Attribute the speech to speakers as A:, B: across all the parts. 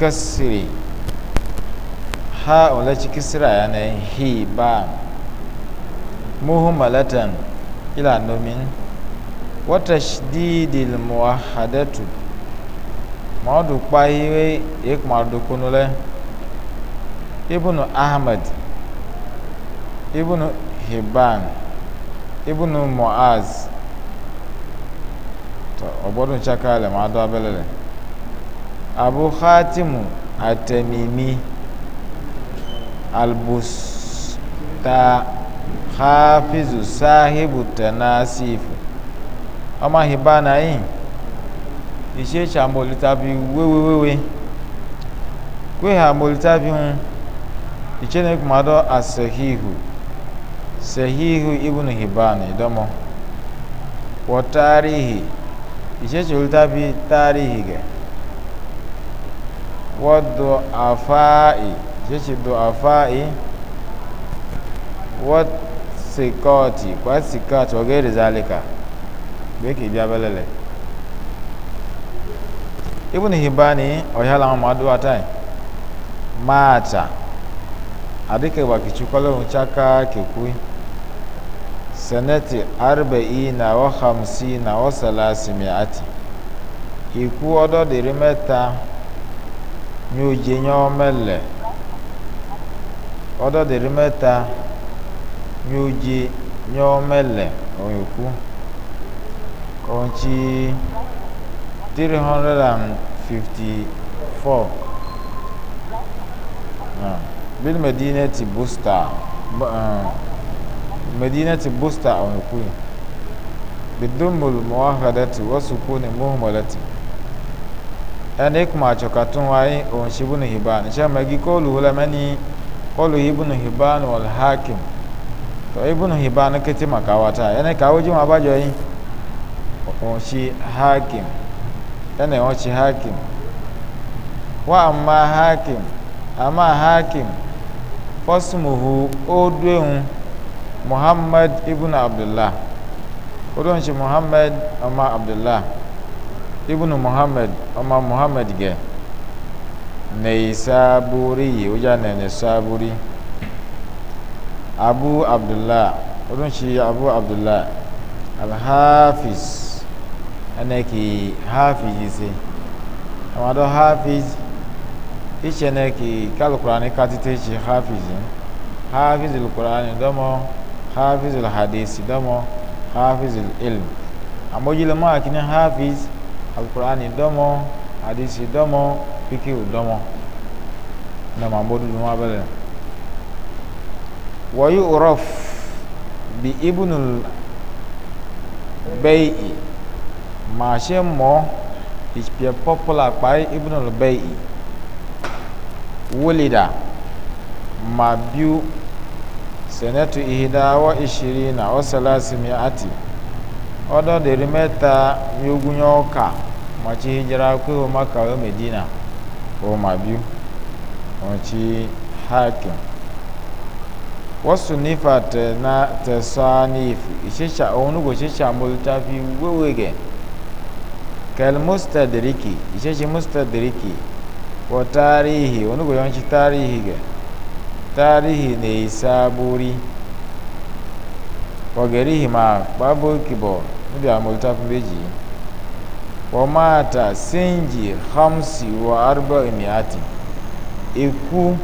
A: kasri ha olaci kisra yanayin hi ba muhimmalatan ila nomin wata shididil muwahadatu ma ọdụ kpahiwe ikmardu kunule ibnu ahmad ibnu hibban ibnu muaz ọgbọdun chakale ma adọ abelele abu khatimu atamimi albusta hafizu sahibu tanasifu ọmọ hibana yìí iṣẹ́ ìṣàmọ̀lítàbí wéwéwéwé kwe àmọ̀lítàbí hun iṣẹ́ ní kùmọ́dọ́ àṣẹ̀híhù ṣẹ̀híhù ibùnú hibana ìdánmọ́ wọ táríhì iṣẹ́ ìṣòlítàbí táríhì gẹ̀ẹ́ do do والضعفاء شيش الضعفاء والثقات والثقات وغير ذلك بيك إجابة لله ibn hibani ọ̀yàlá àwọn ọmọdé wa táì máa tà àdékèwà kìchukọ́ lóhun chaka kìkú sẹ́nẹ́tì arbẹ̀ì na ọ̀hàmsí na ọ̀sàlásìmíàtì ikú ọdọ́dẹ̀rẹ̀ mẹ́ta nyɔdze nyawo mele ɔdɔ de ɖi mɛta nyɔdze nyawo mele ɔyɔku kɔntsi three hundred and fifty four bíi medina ti booster medina ti booster ɔyɔku bidumul muwahadati wasukuni muhumalati. ẹni kuma cokatun wayi ohun shi bunu hiban ṣe magi kọlu hulamani kọlu ibunu hiban wal hakim to ibunu hiban kiti makawata ẹni kawo jim abajo yi ohun shi hakim ẹni ohun shi hakim wa amma hakim amma hakim muhammad na abdullah muhammad abdullah ibnu muhammed ọmọ muhammed gẹ nẹ̀yìsáàbúrí yìí ó já nẹ̀yìsáàbúrí abu abdullah olùsí abu abdullah alhafiz ẹnẹ kì í hafiz yìí sí àwọn àdó hafiz ìṣe ẹnẹ kì í kálukura ní kátìtì ṣe hafiz yìí hafiz lukurani dọ́mọ hafiz hadisi dọ́mọ hafiz ilm àmójúlẹ̀ máa kí ni hafiz alukurani dɔmɔ hadisi dɔmɔ fikiu dɔmɔ nama bodudu ma bɛlɛ wɔyi urɔf bi ibunul bɛyi maa se mɔ ìpè pɔpɔla kpai ibunul bɛyi wulida ma biu sɛnɛtu ihida wa ishirina wa salasi miati. ọdọ dịrị mẹta yogun ọka mọtsi hijira kó o medina o ma biu mọtsi hakim wọ́sùn na tẹ̀sán ní ìfù ìṣẹ̀ṣà òun ní fi wéwèé gẹ̀ kẹl musta ìṣẹ̀ṣẹ̀ mustadriki wọ kɔgɛrihi ma kpabo kibɔ níbi àmọ̀lítà fún méjì wọ́n ta hamsi wọ arúgbó ìmìátì ikú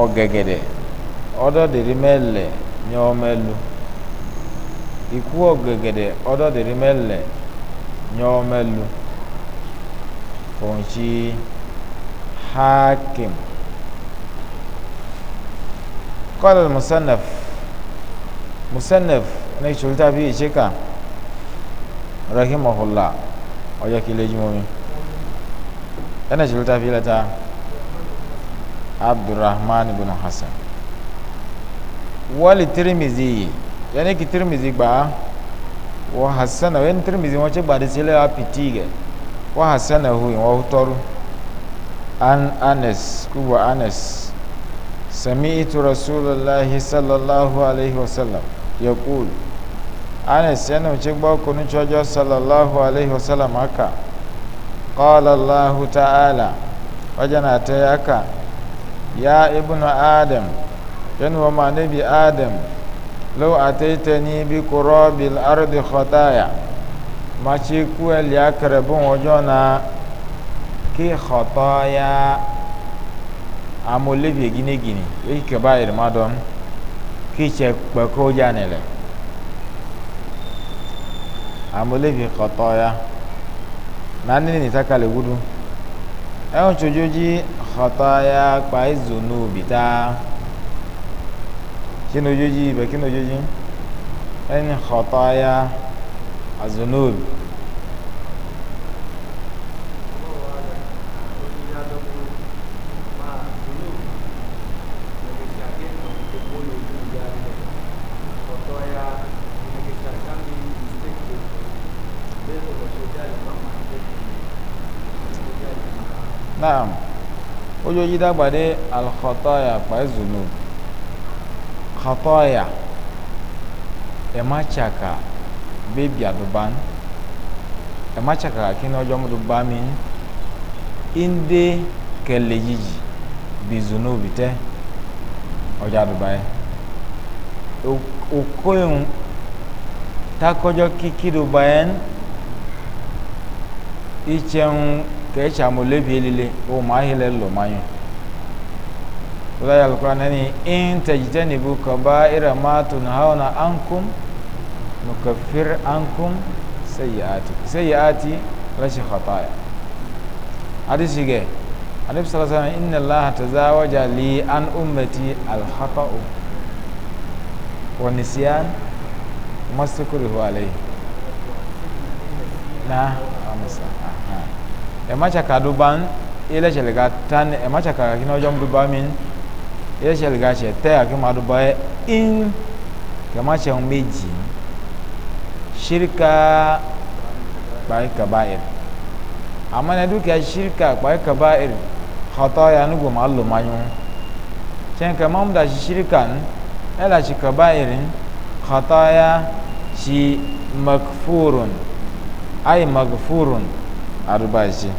A: ọ̀gẹ̀gẹ̀dẹ̀ ọ̀dọ́dẹ̀rí mẹ́lẹ̀ ní ọmẹ́lu ikú ọ̀gẹ̀gẹ̀dẹ̀ ọ̀dọ́dẹ̀rí mẹ́lẹ̀ ní ọmẹ́lu kòǹṣì hakim musannaf musannaf. ní ìṣòlítà bí ìṣèkà rahimahula ọjọ́ kí lójú mọ́mi ẹni ìṣòlítà bí lẹ́ta abdulrahman ibn hasan wọ́ọ̀lì tirimizi yẹni kí tirimizi gbà á wọ́n hasan náà yẹni tirimizi wọ́n ti gbàdé sílẹ̀ apìtì gẹ̀ wọ́n hasan náà hu ìwọ́n tọ́rù an anes kúbọ̀ anes. سمعت رسول الله صلى الله عليه وسلم يقول anas yana wuce gbọ́ kunu cọjọ́ sallallahu alaihi wasallam aka qala allahu ta'ala wajen ta yi aka ya ibnu adam yana wa manabi adam lau ataita ni bi kurobil ardi khotaya ma ci kuwal ya karabin wajo na ki khotaya amulibi gine-gine yake bayar madon ki ce kpako janile amolegi ya nani ni taka le wudu ɛwọn e tsodzodzi ya kpa ezonu bita kinodzodzi bɛ kinodzodzi ɛni e xɔtɔya azonobi. naam ojú yìí dàgbà dé alxɔtɔya pàzùnù xɔtɔya ɛmàtsaka bébì àdùbán ɛmàtsaka kí ni ọjọ́ mọ́tò bá mi inde kẹlẹ yìí bizùnù bìtẹ́ ọjà àdùbá yẹ okoyun takɔjɔ kiki do bayan itsɛun kẹ̀ẹ́tsà mo lébi elile o mọ ahilẹ lọ ma yẹn wọ́n yà lọ́kọ́ nani ìntẹ̀jìtẹ́ nìbu kọba ìrẹ̀mátò nàhàwọn ankum nùkàfír ankum sẹ́yìáti sẹ́yìáti lẹ́sẹ̀ xọ́tàyà adisige anabi sallallahu alaihi wasallam inna allaha tazawaja li an ummati al khata'u wa nisyan mastakuru alayhi na amsa ematsaka do ban ele tsɛ le ka tan ematsaka gake na ɔdzɔm do ba mi ele tsɛ le ka tsɛ tɛ gake ma do ba yɛ in kematsɛ ŋu be dzi shirika kpai kaba ir ama na du kia shirika kpai kaba ir xɔtɔ ya nugo ma lo ma nyu tsɛ kama mu da tsi shirika nu ela tsi kaba ir xɔtɔ ya tsi makfurun ayi makfurun arubaji ìṣe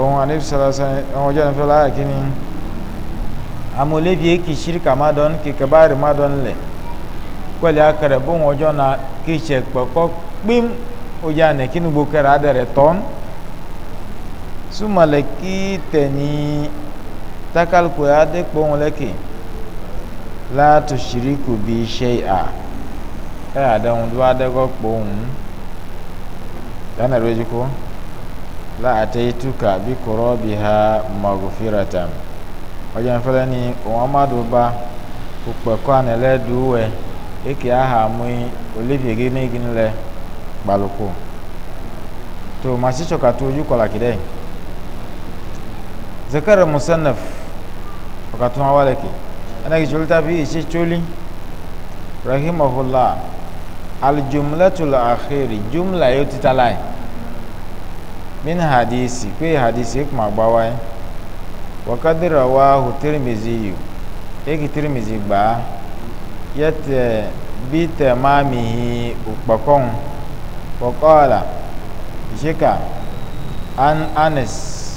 A: ohun anibisalaasa ohun ọjọ́ nífẹ̀ẹ́ láyà kí ni amọ̀lẹ́bí kì í ṣírí kàmá dán kì í kẹbá rí má dán lẹ̀ pẹ̀lú akẹrẹ bóun ọjọ́ náà kì í ṣe pẹ̀kọ́ pín ojú àná kí ni gbogbo kẹrẹ adẹ̀rẹ̀ láti ṣírí kù bí iṣẹ́ à ẹ̀ tó adẹ́kọ̀ pọ̀ òun dáná ìrẹ́jú kọ́ láàtẹ́yìtúkà bí kọ̀rọ̀ bí ha magufirata ọjà nfẹlẹ ni òun amadu ba kpẹkọ anẹlẹ duwẹ eke aha mui olivia gini gini lẹ gbalùkù tó màsí tsọka tó ojú kọlà kìdẹ zakari musanaf ọkàtún awalẹkì ẹnẹkì tsoli tàbí ìṣe tsoli rahimahullah alijumlatul akhiri jumla yóò tita láyé min hadisi pé hadisi kuma gba wáyé wakadira wa hu tirimizi yi eki tirimizi gba yẹtẹ bi tẹ maamihi ukpakọn wakọọla ishika an anis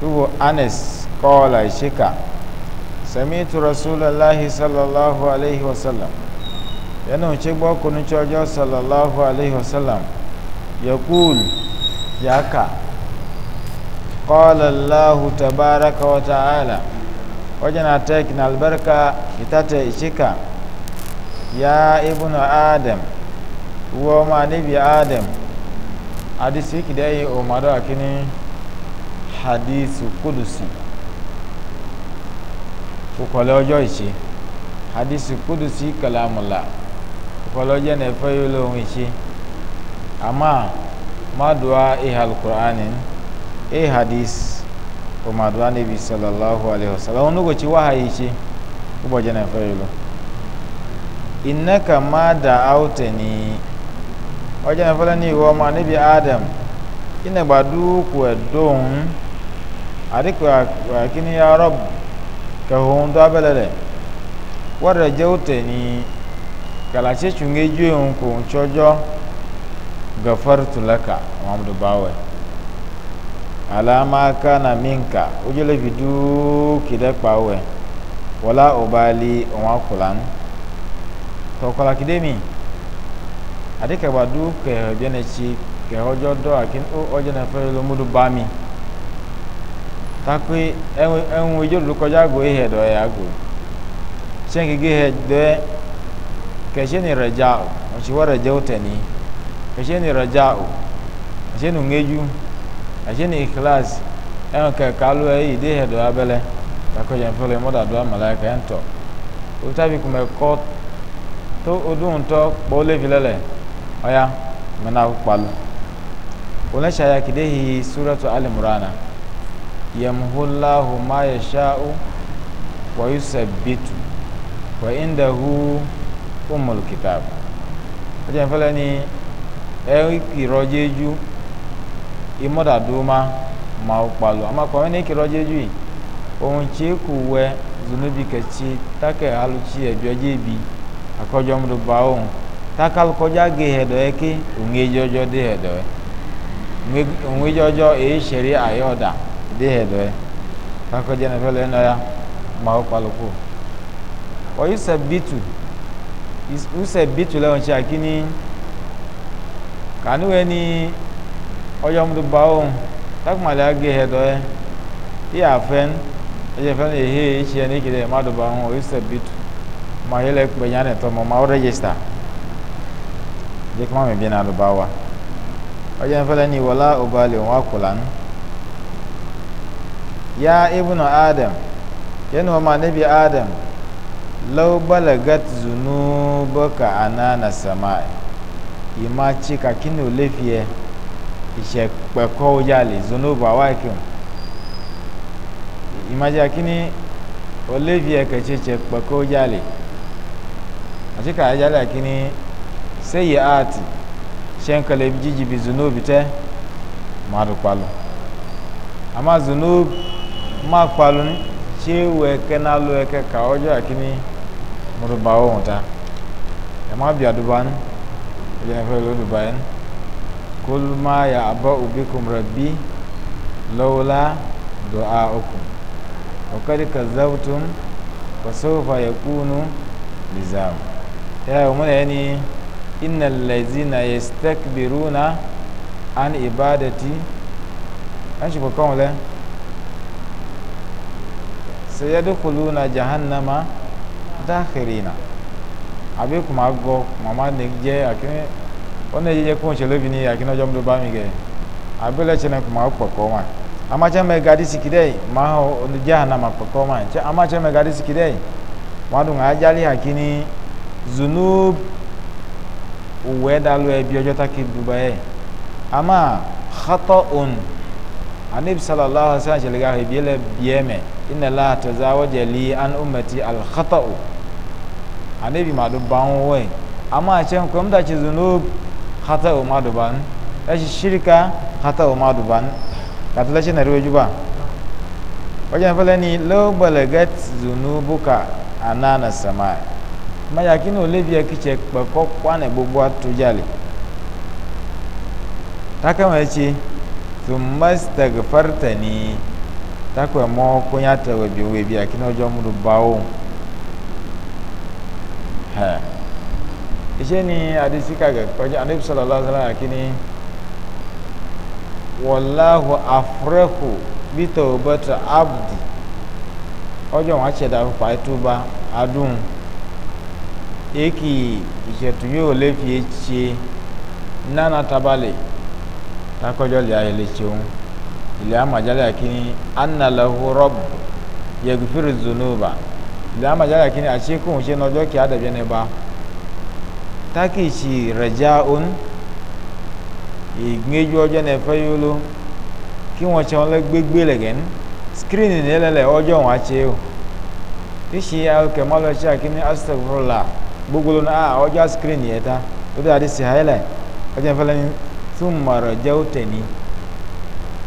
A: tubu anis kọọla ishika samitu rasulillahi sallallahu alayhi wa sallam yẹnu ṣe gbọ́ kunu ṣọjọ́ sallallahu alayhi wa sallam yakul. Cool ya ka qala allah tabaraka wa ta'ala wajana tek na albarka itate ishika ya ibnu adam wo ma nabi adam hadisi kidai o maro akini hadisu kudusi kukọlẹ ọjọ ìṣe hadisi kudusi kalamula kukọlẹ ọjọ nẹfẹ yóò lóhun ìṣe àmọ́ madua iha e alqur'ani e hadis o madua nabi sallallahu alaihi wasallam onu go ci wahayi ci ubo jana fayilo innaka ma da'awtani o jana fala ni wo ma nabi adam ina gbadu ku edon adiku akini ya rab ka hon do abelele warajawtani kala ce chungeju en ko chojo gafartu laka mamdu bawe alama kana minka ujele vidu kide kpawe wala obali onwa kulan tokola kide mi ade kaba du kehe biene ci kehe ojo do akin o ojo na fere lo mudu bami takwe enwe ijo lu koja go ihe do ya go shengi ge he de keshe ni reja o ci reja uteni ashe ni raja'u ashe ni ngeju ashe ni ikhlas ɛn kɛ kalu ɛyi e de hɛ do abɛlɛ kakɔ yɛn fɛlɛ mɔda do amala kɛ ɛn tɔ o tabi kumɛ kɔ tó o dun tɔ kpɔ levi lɛ lɛ ɔya mɛna kpalu o lɛ sariya kide hi alimurana yamhulahu ma yasha'u wa yusabbitu indahu umul kitab o jɛn ni. ekirọjeju imọdaduma ma ukpalu amakwa wene ekirọjeju ohun tí kò wẹ zunubi kẹtsi takẹ alutsi ẹbiọdze bi akọjọmduba ohun takalukọdza ge hẹdọ yẹ ke ongedzọdzọ de hẹdọ yẹ ongedzọdzọ eyi ayọda de hẹdọ yẹ kakọdza nẹfẹ lẹ ma ukpalu kanu eni oyom du baum tak mala ge hedo e ti afen eje fen e he ichi eni kide ma du baum o ise bitu ma yele pe ma o register je kuma me bina du bawa oje fen ni wala ubali wa kulan ya ibnu adam yana ma nabi adam law balagat zunubuka anana sama'i ima tsi kaki no levie ìṣe pẹkọ ya le zonoba wa kí o ìmájà kíní olevie kẹtsẹ tse pẹkọ ya le àti kàá ya le kíní seyi aati sẹńkẹlẹ jíjì bi zonobi tẹ má do kpalo àmà zonobi má kpalo ní tse wẹ kẹ náà lọ ẹ kẹ kàá ọjọ àkíní mo do ta ẹ má bi àdúgbò ní ilé ẹ̀fẹ́ lónìbáyé kólúmá yà abọ́ òbíkùn rẹ̀bí lọ́wọ́lá dọ̀á okùn ọ̀kadì kazawtun fasofa yakunu lizam ya yi mana yani innal lazina yastakbiruna an ibadati an shi kokon wala sayadkhuluna jahannama dakhirina àbí kò máa gọ màmá lè jẹ àkíní wọn lè jẹjẹ kó ń ṣe lóbi ní àkíní ọjọ́ mọ́tò bá mi gẹ̀ àbí lẹ́sẹ̀ náà kò máa ma wọn amátsẹ́ mẹ́ gadi siki dẹ́ máa olùjẹ́ àná máa pọ̀kọ́ wọn amátsẹ́ mẹ́ gadi siki dẹ́ wọn dùn ajali àkíní zunu òwò ẹ̀dá lọ ẹbí ọjọ́ tákì dùbọ̀ ẹ̀ àmà xatọ́ òun anabi sallallahu alaihi wa sallam ṣẹlẹ̀ ká ẹbí ẹ̀ lẹ́ bìẹ́ mẹ́ ìnàlá àtẹ̀záwọ́jẹ̀ lé an umati al xatọ́ anabi ma do ban wai amma a can kuma da ce zunub hata o ma do ban da shirka hata o ma do ban ka ta lashe na ruwa juba wajen fala ni lo balagat zunubuka anana sama ma ya kinu olivia kice kpakọ kwana gbogbo atujali ta kama ya ce tumas daga farta ne ta kwa mọ kunya ta wabi wabi a kinu ọjọ mudu bawo iṣẹ́ ni àdìsí kàgẹ̀ pẹ̀lú àdìsí sallallahu alaihi wasallam akini: wallahu afrehu bi tawbata abdi ọjọ́ wọn ṣe dàrú pàtúbà adùn èkì ìṣẹ̀tù yóò lè fi tabale. nánà tabalẹ̀ takọjọ́ lè ayẹlẹ ṣeun ilẹ̀ akini: kìíní lahu rabb yaghfiru dhunuba lẹ́yìn àmàjá yàkínní àṣekùn ṣe nọjọ́ kí àdàbí ẹni bá tákìsì rẹ̀já òun ìgbéjú ọjọ́ ní ẹ̀fẹ́ yóò ló kí wọ́n ṣe wọn lọ gbégbé lẹ̀gẹ́ ní skrini nílẹ̀lẹ̀ ọjọ́ wọn àṣe o ìṣe ọkẹ̀ mọ́ lọ ṣe àkínní astagfurula gbogbo lónà á ọjọ́ skrini yẹn e ta ó dé àdìsí highlight ọjọ́ ìfẹ́lẹ́ ní túmọ̀ rẹ̀já ó tẹ̀ ní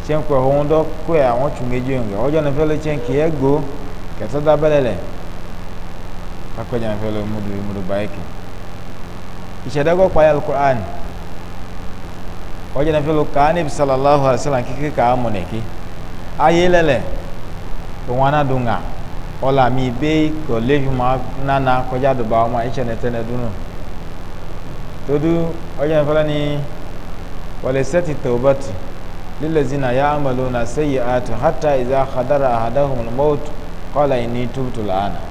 A: ṣe ń pẹ̀ ohun dọ́kọ̀ àwọn tùmẹ̀jọ́ yẹn ọjọ́ ìfẹ́lẹ́ ṣe ń kì í ẹ̀gbọ́ kẹtọ́dábẹ́lẹ̀ kakonya velo mudu mudu baiki ishadago kwa alquran oje na velo kanib sallallahu alaihi wasallam kike ka Aye ayelele to wana dunga ola mi be ko levi ma nana ko jado ba ma iche ne tene dunu todu oje na velo ni wale seti tawbati lilazina ya'maluna sayyi'ati hatta idha khadara ahaduhum al-maut qala inni tubtu al-ana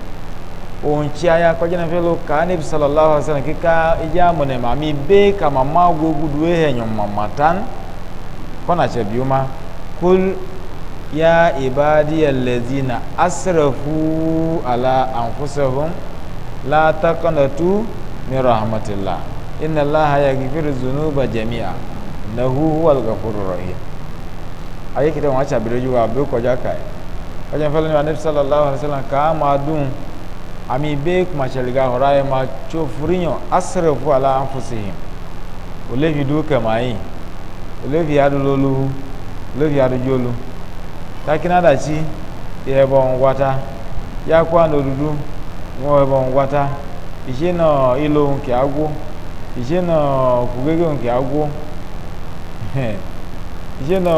A: ohun tí a yà kọjá náà fẹ́ lọ kà á níbi sàlọ́lá ọ̀sán kíkà ìjà àmọ̀nà màmí bẹ́ẹ̀ kà màmá gbogbo ẹ̀yàn màmá tán kọ́nà àṣẹbí ó má kúl yá ìbádí ẹlẹ́dí na asẹ̀rẹ̀fú àlà àǹfọ̀sẹ̀fún látàkọ́nàtú mìíràn àmọ̀tìlá iná láhàyà gífìrì zùnú bàjẹ́míà nàhú wàlùkàfọ̀rọ̀ rọ̀hìn ayé kìtà wọn àṣàbí wa àbí kọjá kàì ọjọ́ ìfẹ́lẹ́ ní wa níbi sàlọ́lá ọ̀sán kà á dùn. ami be kumacɛliga hɔra ye ma tso furinyɔ asrefu ala anfusihim olevi du kɛmayi olevi adu loluhu olevi adu dzolu takina datsi yɛbɔ ŋgwata yakɔ anodudu ŋɔyɛbɔ ŋgwata ìṣe nà ilo nkè agwo ìṣe nà kùgégé nkè agwo ìṣe nà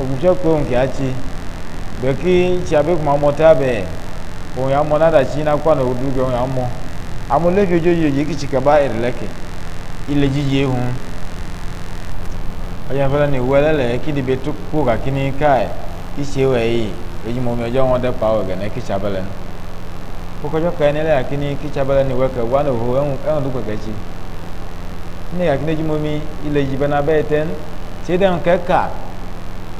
A: ògùntsɛkò nkè atsi bɛki tsi abe kuma mɔta bɛɛ. òun yà mọ náda tsi nakó àná òdúgbò òun yà mọ amúlẹ́fì ojoojúmọ́ yìí kìtì kaba ìrìlẹ́kẹ̀ ilé jíjì ehun ọjọ́ ìfẹ́lẹ́ ni wẹ́lẹ́ lẹ̀ kí ni bẹ tó kó kàkí ni káì ìṣe wẹ̀ yìí èyí mọ̀ mi ọjọ́ wọn dẹ́ pa ọ̀gẹ̀ ní kìtì abẹ́lẹ́ ni kókòjọ́ kẹ́ ni lẹ́yà kí ni kìtì abẹ́lẹ́ ni wẹ́kẹ̀ wà ní òhò ẹ̀hún ló kẹ̀kẹ́ ní kàkí ni jùmọ̀ mi ilé yìí bẹ́ẹ̀ nabẹ́ tẹ́ tí dẹ́n kẹ́ka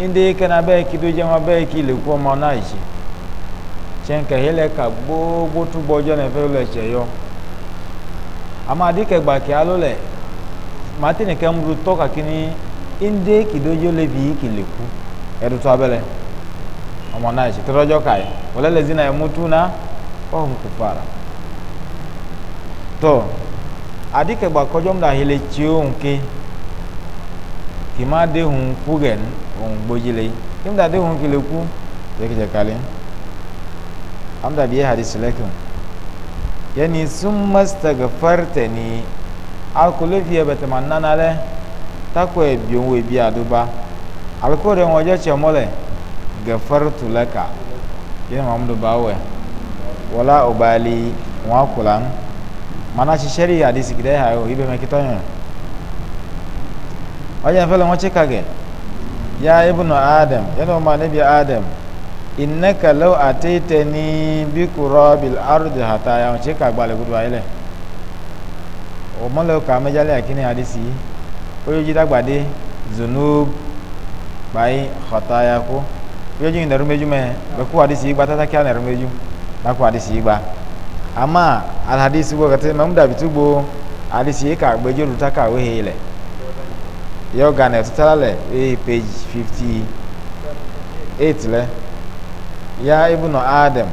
A: inde kẹ́nabẹ́ kí tó jẹ́ wọn bẹ́ẹ̀ kí ilé kú ọmọ náà yìí tsenke hele ka gbogbo tugbɔ dzo ne fɛ le tse yɔ ama gbake alo le matini ke ŋu tɔ kakini inde kidodzo levi kele ku ɛdutɔ abɛ lɛ ɔmɔ na etsi tɔdɔdzɔ ka yi e. wòle le zina emutu na ɔhun kufara tɔ adi ke gba kɔdzɔ da hele tsi ohun kima de hun ku gɛ ohun gbodzi le kimu da de hun kele ku yɛ amda biye hadisi lekin yani sun mastagfarta ni akulu fiye bata mannana le tako ebi ohun ebi aduba alkore wọn ọjọ tse mọlẹ gafartu lẹka yẹn muhammadu bawẹ wọlá ọbaali wọn akula ń mana ṣiṣẹ rí hadisi gidẹ ha o ibẹ mẹkitọ yẹn ọjà ìfẹlẹ wọn tse kagẹ ya ibùnà adam yẹn ma níbi adam innaka law ataitani bi qurabil ardi hata ya ce ka gbale gudu ayele o mo lo ka me jale akini hadisi o yoji dagbade zunub bai khataya ko yoji ndaru meju me be ku hadisi igba tata kya ndaru meju na ku hadisi igba ama al hadisi go kate mam da bitugbo hadisi ka gbejo ruta ka we hele yo ganet talale e eh, page 58 le ya ibnu adam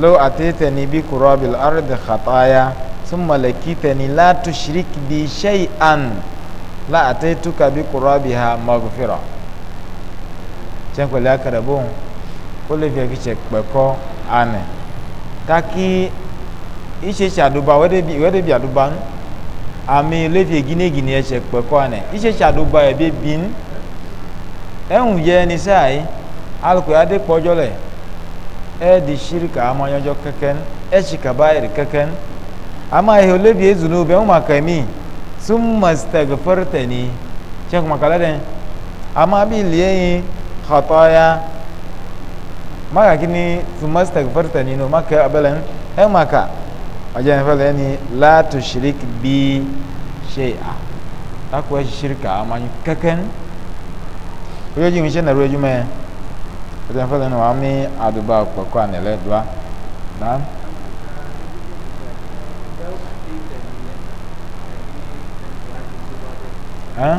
A: lau a taita ni bi kurabil ardi khataya sun malakita ni la tushrik bi shay'an la a taituka bi kurabiha magfira can kwale aka rabo kwale fiye kice kpeko ane taki ishe shi aduba wede bi aduba ami lefiye gine gine ya e ce kpeko ane ishe shi aduba ya e bi bin ehun ye ni sai alko de kpojo ɛdi shirika amanyɔjɔ kɛkɛn ɛtsi kabairi kɛkɛn ama ihe olebi ezunu bɛ ŋuma kɛmi summa stagfirtani tse kuma kala dɛ ama bi lie yi xɔtɔya maka kini summa stagfirtani no maka abɛlɛ ɛŋuma ka ɔdze ne fɛlɛ ni la tu shirik bi se a akɔ ɛtsi shirika amanyɔ kɛkɛn ojoji ŋun tse na ro edumɛ ɛtɛn fɛlɛ no wàá mi aduba kpɛkɔ anɛlɛ doa naam. hã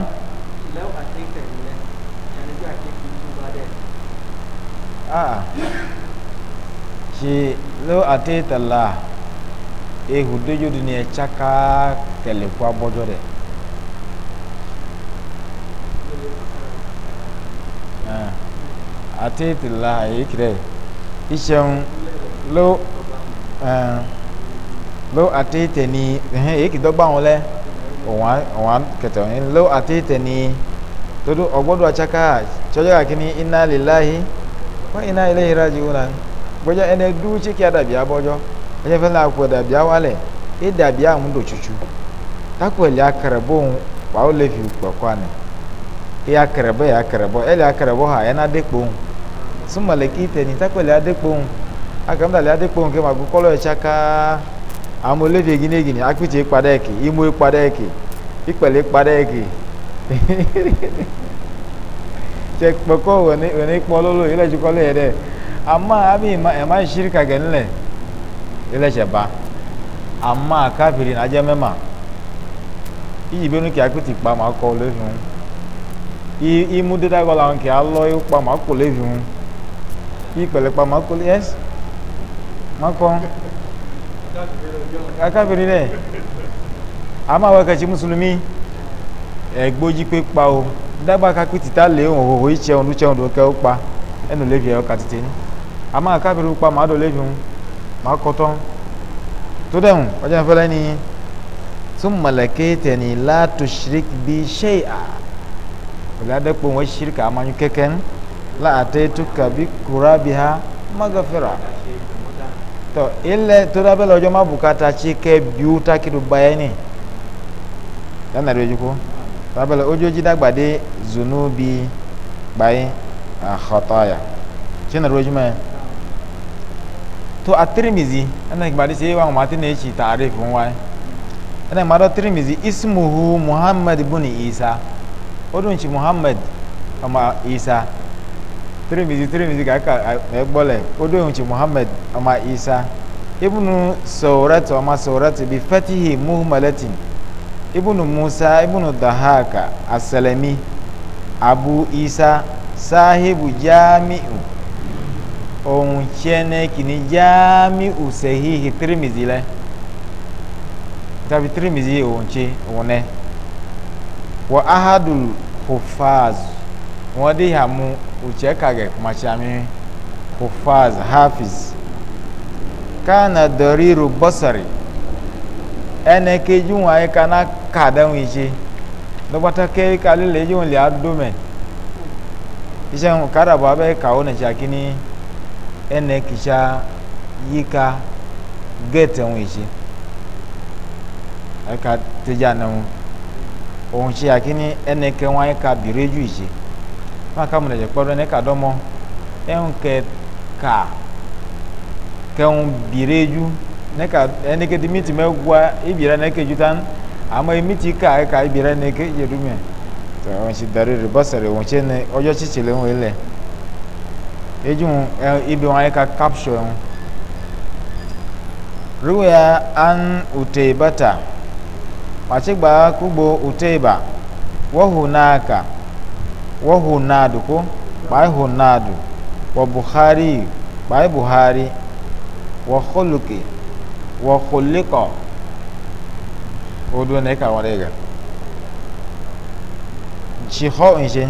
A: Ah. Si lo atita la ehudojo dunia chaka kelekwa bojo de. ati tila ikire ishe lo uh, lo ati teni ehe eki dogba won le owa owa kete lo ati teni todo ogbodo achaka chojo kini inna lillahi wa inna ilaihi raji'un bojo ene du chi ki adabi abojo eje fe la ku adabi awale idabi amun do chuchu takweli akarabon wa o le fi kwa ni ya akarabo akarabo akarabo ha ya na súnmọ̀lẹ́kì tẹ̀ni tápẹ̀lẹ́ adékpohùn akamdàlẹ́ adékpohùn kí màgbó kọ́lọ́ ẹ̀ ṣáká àwọn olóde gínéegìní apìtì ìpadà ẹ̀kì imú ìpadà e ẹ̀kì ìpẹ̀lẹ̀ ìpadà ẹ̀kì tẹ kpẹkọ wẹni kpọ lọlọ ilẹ̀ tí kọ́lọ́ yẹ dẹ àmọ́ àmì ẹ̀ma ìṣírí kàgẹ́ ńlẹ̀ ilẹ̀ ṣẹ̀ bá àmọ́ àkàfìrì nàjẹ́ mẹ́mà iyì apìtì pa màá kí pẹ̀lẹ́pà máa kó yes máa kọ́ akábìnrin náà a máa wá kẹ́sí mùsùlùmí ẹ̀gbójí pé pa o dábàá kápẹ́ títà lé òun òwò ìṣẹ́ òun lùṣẹ́ òun lókẹ́ ó pa ẹnu lébi ẹ̀ ọkà tètè ní a máa akábìnrin pa màá dọ̀ lébi òun màá kọ́ tán tó dẹ̀hùn ọjọ́ ìfẹ́lẹ́ ni tún mọ̀lẹ́kẹ́ tẹ̀ni látò ṣíríkì bíi ṣé à pẹ̀lú adẹ́pọ̀ wọn ṣíríkì àmọ́yún la bí kura bí ha magafira tọ ilẹ̀ tó dábẹ́ lọ́jọ́ má bùkátà tí kẹ́ bíú tákìlú báyẹ́ ni lánàá lójú kó tábẹ́lẹ̀ ojójì dàgbàdé zùnú bí báyẹ́ àkọ́tọ́yà tí nàá lójú mẹ́rin tó atirimizi ẹnna ìgbàdí sèé wàhùn màtí nà èchì tààrí ismuhu Muhammad buni isa odunchi Muhammad ama isa tirimizi tirimizi kaka ɛgbɔlɛ odo ehun tsi muhammed ɔma isa ibunu sɔwurɛti ama sɔwurɛti bi fɛtihi muhammadin ibunu musa ibunu dahaka asalami abu isa sahibu jamiu ohun tiɛnɛ kini jamiu sehihi tirimizi lɛ tabi tirimizi ohun tsi ohun wa ahadul hufaz wadi de hamu uchekage kumachami hufaz hafiz kana doriru basari ene kejun aye kana kadawun ise lọ́pọ̀tọ́ kẹ́ kalílẹ̀ yóò lè adómẹ̀ iṣẹ́ ń kárabọ̀ abẹ́ kàwọ́ nàìjíríà kí ní ẹnẹ kìíṣà yíká gẹ̀ẹ́tì ẹ̀hún ìṣe ẹ̀ka tẹ́jà ohun ṣe àkíní ẹnẹ kẹwọn ẹ̀ka bìrẹ́jù ìṣe. maka mo nedze na ne ka dɔmɔ eŋu ke ka keŋu bi na dzu ne miti me gua ebi ɖe ne ke dzu ka miti ka eka ebi ɖe ne ke dze ɖu mɛ tɔ wɔn ọjọ chichile ɖe ribɔsa ɖe ibi ruya an utebata matsegba kugbo n'aka. wa hunadu ko bai hunadu wa buhari bai buhari wa khuluki wa khuliqa odo ne ka wale ga ji ho nje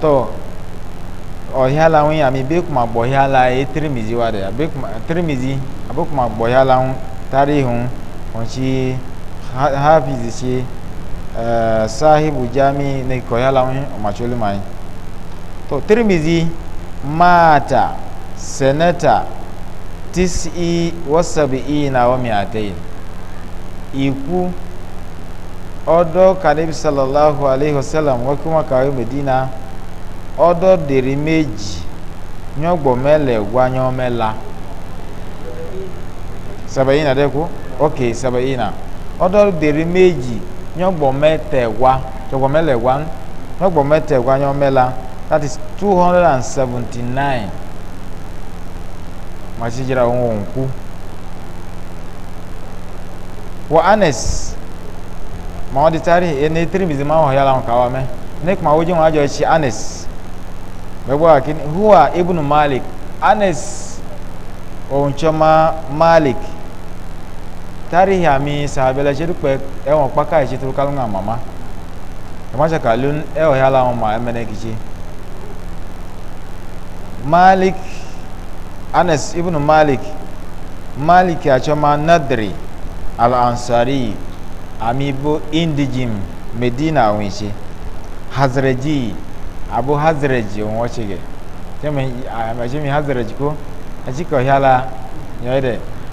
A: to o yala won ya mi be kuma bo yala e tirmizi wa da be kuma tirmizi abu kuma bo yala won tarihun on shi hafizi shi Uh, eh, sahibu jami ne koyala wi macholi mai to tirmizi mata senata tis'i wa sab'ina wa mi'atayn iku odo kanibi sallallahu alaihi wasallam wa kuma kawe medina odo deri meji nyogbo mele gwa nyomela sab'ina de ko okay sab'ina odo deri meji nyɔgbɔmɛ tɛ wa dzɔgbɔmɛ lɛ wa nyɔgbɔmɛ tɛ wa nyɔmɛ la that is two hundred and seventy nine màtí dzra wọn wọn ku wọ anes màá wọn di tari ene tirimizi máa wọn yàrá wọn kà wá mẹ ne kuma wo dzi wọn adzɔ etsi anes mɛ bɔ akini huwa ibnu malik anes òun tsɔ ma malik. tarihi ami sahabela tse dukpɛ ɛwɔn kpaka yi tse toro kalu ŋa mama ɛmasa kalun e ya la ŋa ma ɛmɛnɛ kitse malik anas ibn malik malik ya atsɔma nadri al ansari ami bo indigim medina awon tse hazreji abo hazreji ohun ɔtse gɛ tɛmɛ ɛmɛ tse mi hazreji ko ɛtsi kɔ ya la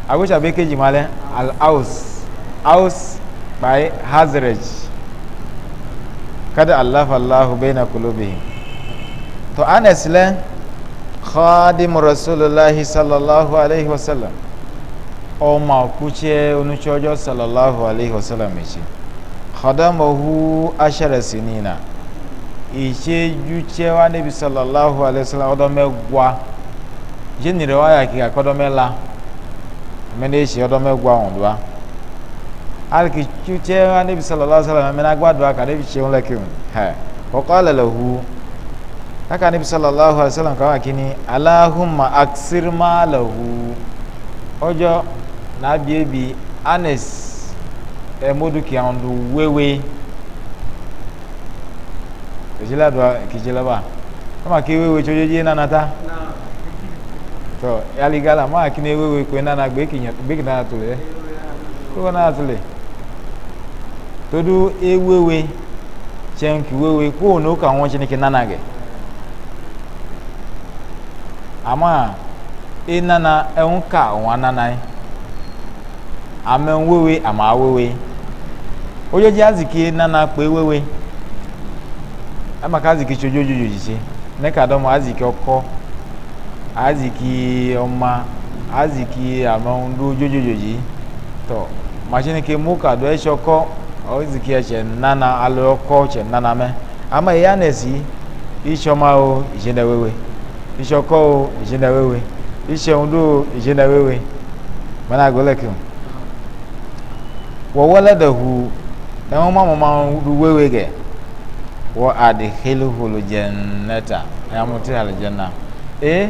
A: agbésà bẹ́ẹ̀ kejì malẹ̀ al-aus aus by hazrej kada aláfàláhu bẹ́ẹ̀nà kulubi to anes lẹ xaadimu rasulillahi sallallahu alayhi wa sallam ọmọ kutsẹ onutsọjọ sallallahu alayhi wa sallam ẹ̀ṣẹ̀ xadamuhu aṣẹrẹ sinina ìṣẹ́jútsẹ́ wa níbi sallallahu alayhi wa sallam ọdọ mẹ́gbọ́a jẹ́ nìrẹ́wáyà kí akọ́dọ́ mẹ́la mene esi ɔdɔ mɛ gu ahun doa aliki tsutse anabi sallallahu alaihi wa sallam mena gba doa ka anabi tse ŋu lɛ kewu hɛ kɔkɔ alɛ lɛ hu kaka anabi sallallahu alaihi wa sallam kama kini alahuma aksirima lɛ hu ɔdzɔ nabiebi anes ɛmoduki ahun do wewe kejila doa kejila ba kama ke wewe tso dzedze nanata. Nah. tɔ yaligala maa kini ewewe koe eh, eh, nana gbeki nya gbeki nana tole yɛ koe nana tole todo ewewe tiɛn ki wewe koo no ka wɔn tsi ki nana gɛ ama enana ɛŋu ka wɔn anana yi amɛŋu wewe ama wewe ojoji aziki nana kpe wewe ama ka aziki tso dzodzodzo ne ka dɔ mo aziki ɔkɔ. aziki ọma aziki amahun do jojojoji tọ machine ke mu ka do ẹsẹ ọkọ ọziki ẹsẹ nana alo ọkọ ẹsẹ nana mẹ ama ya nẹsi iṣẹ ọma o iṣẹ na wewe iṣẹ ọkọ o iṣẹ na wewe iṣẹ ohun do iṣẹ na wewe mẹna agbẹlẹkẹ wọwọ lẹdẹhu ẹwọn mọ àwọn ọmọ ọdún wewe gẹ wọ adìhẹlẹ holo jẹ nẹta ẹyàmú tí alẹ jẹ náà ee.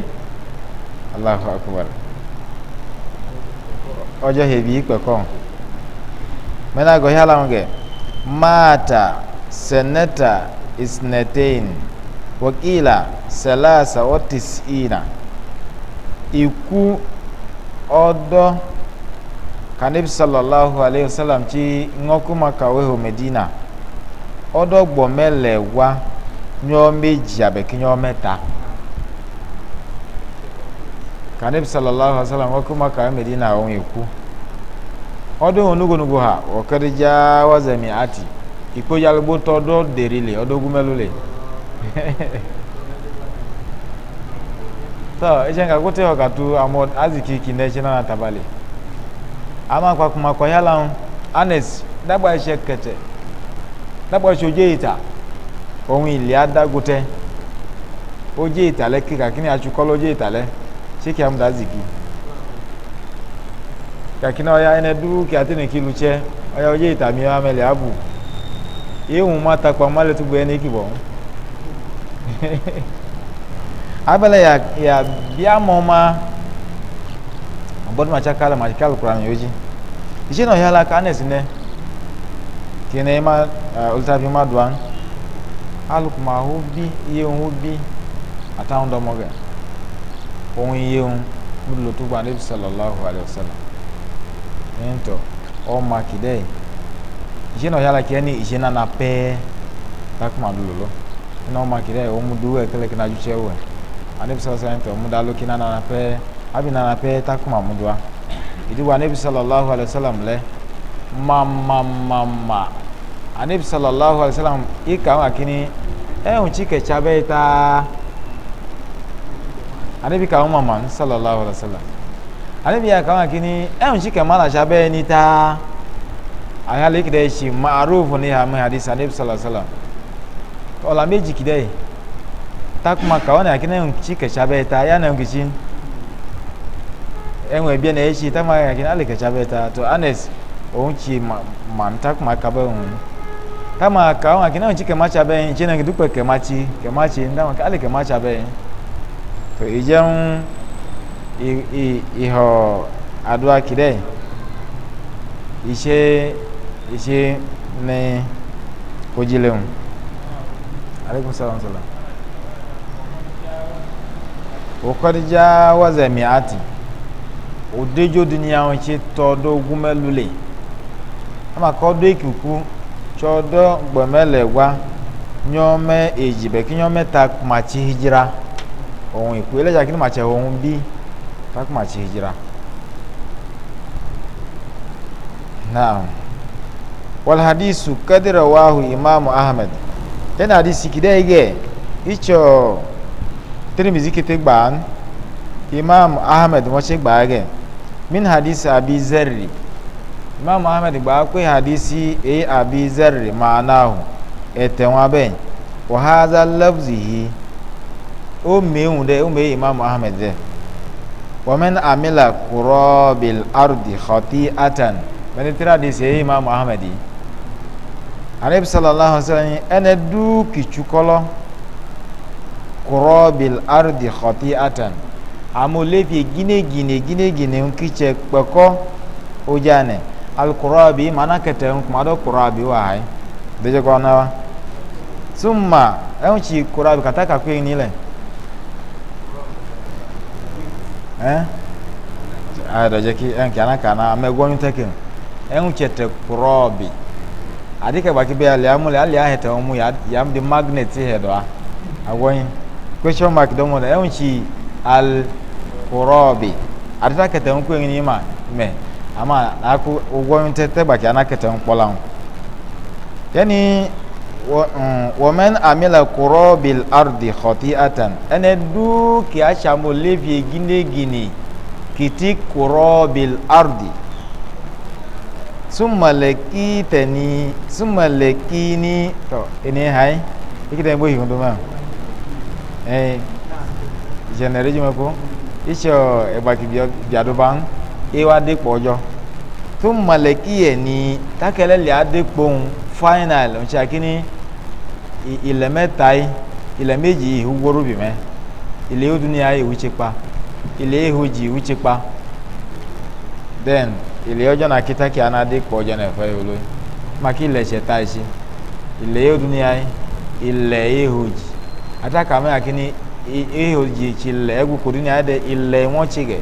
A: aláhùn akọbàrà ọjọ́ hebi ikpẹ̀kọ́ mẹ́nà gọ̀hí aláwọ̀gẹ̀ máàtà sẹ̀nẹ́tà ìsìnẹ̀tẹ̀yìn wọ́kìlà sẹ̀láàsà ọ̀tìsìnà ikú ọdọ́ kanib sallallahu alayhi wa sallam tí ńọ́kùnmá kàwé hù kanib sallallahu alaihi wasallam wa kuma ka medina wa ku odo onugo nugo ha o kerja wa zamiati iko yalbo to do derile odo gumelule so eje nga gote o katu amod aziki kinde china na tabali ama kwa kuma kwa yala anes dagba ise kete dagba soje ita ohun ile adagote oje itale kika kini atukọ loje itale ṣé kí amúdá zìkì kàkínà ọ̀yà ẹnẹ dúró kí atẹ́nì kí lu tsẹ́ ọ̀yà ọjọ́ ìtàmì amẹ́lẹ̀ abù yéhùn má takpa má lẹ́tú gbé ẹni kì bọ̀ abẹ́lẹ̀ yà yà bíámọ́ ma bọ́dún màtsá kálẹ̀ màtsá kálẹ̀ kura nìyó dzi ìṣe náà yàrá kánẹ̀sì nẹ kí ẹnẹ má olùtàfi má dùn án alùpùpù máa hó bí yéhùn hó bí àtàwọn dọ́mọ́ gẹ̀. òun yé òun múlò tó gba níbi sàlọ́láhùn àlẹ́sàlẹ̀ ẹ̀ńtọ́ ọmọ kìdẹ́ ìṣe náà yàrá kìí ẹni ìṣe náà na pẹ́ẹ́ takuma dùn lọ́lọ́ ẹ̀ná ọmọ kìdẹ́ ọmọ dùwẹ̀ kẹlẹ́kẹ́ náà ju ntọ náà nana nana takuma mú mamamama ìkà wọn taa. anabi ka wọn mama sallallahu alaihi wa sallam anabi ya kama kini ẹn si kẹmọ alasha bẹẹ ni taa aya leki dẹ si maarufu ni hami hadisi anabi sallallahu alaihi wa sallam ọla meji kidẹ takuma ka wọn akini ẹn si kẹsha bẹẹ taa ya na ẹn kisi ẹn ebi ẹn esi takuma ka kini ali kẹsha bẹẹ taa to anes òun si ma ma takuma ka bẹẹ hun takuma ka wọn akini ẹn si kẹmọ alasha bẹẹ ẹn si ẹn dukpẹ kẹmọ ati kẹmọ ati ndakuma ka ali kẹmọ alasha bẹẹ. to ìjẹun ìhọ̀ àdúrà kìdẹ́ ìṣe ìṣe ní kojileun aleykum salaam salaam wòkɔdidza wazɛ miati odedzo dini awo tsi tɔ do gumɛlu le ama kɔ do ekuku tsɔ do gbɛmɛ lɛ wa nyɔmɛ edzi bɛ ta kumatsi hidzra. ohun ìpè lẹ́jà kí ni màá tẹ ohun bí kákó màá tẹ hijira naam wal hadisu kadira wahu imamu ahmed tena hadisi kide ige icho tirmizi kite gban imam ahmed mo se gba ge min hadisi abi zarri imam ahmed gba pe hadisi e abi zarri ma'anahu etewon abe wa hadha lafzihi ó mẹ́hùn dẹ́ ó mẹ́hùn imam ahmed dẹ́ wọ́n amílà kúrọ́ bil ardi xɔtí atan mẹ́ni tíra di sèé imam ahmed yìí anabi sallallahu alayhi wa sallam ẹnẹ dúú kìtsukọ́lọ́ kúrọ́ bil ardi xɔtí atan amúlébi gínéginé gínéginé nkìtsẹ kpẹ́kọ́ ó jẹ́ àná alukúrọ́ bi màánà kẹtẹ́ nkùmádọ́ kúrọ́ bi wa súnmà ẹ̀hún e tsi kúrọ́ bi kàtàkà kú yìí nílẹ̀. eh ada jeki en eh, kana kana me eh, gwonu tekin en chete kurobi adike baki be ali amu ali ahete omu ya yam di magnet he do agwoni question mark do mo en eh, chi al kurobi adita kete nku en ni ma me ama aku gwonu tete baki anakete nkpola yani wɔmɛn mm, amila kurɔ bil ardi xɔti atan ɛnɛ du kia samo levi ginegine kiti kurɔ bil ardi sumaleki tɛni sumaleki ni tɔ ɛnɛ hayi ikita yin bo yi kunduma ɛɛ jɛnɛri jumɛn ko itsɛ ɛgbaki biadoban ewa de kpɔdzɔ sumaleki yɛ ni takɛlɛ lia de kpɔn final ɔtsa kini ilẹ̀ mẹ́ta yìí ilẹ̀ méjì ìhú wóró bì mẹ́ ilẹ̀ ìhú dúnìá ìhú tsi pa ilẹ̀ ìhú jì ìhú tsi pa then ilẹ̀ ọjọ́ náà kìtàkì anadé kpọ̀ ọjọ́ náà fẹ́ yìí olóyún màkì ilẹ̀ tsẹ̀ ta yìí si ilẹ̀ ìhú dúnìá ilẹ̀ ìhú jì àtàkà mẹ́ àkíní ìhú jì tsi ilẹ̀ ẹgbù kò dúnìá yẹ dẹ ilẹ̀ wọ́n tsi gẹ̀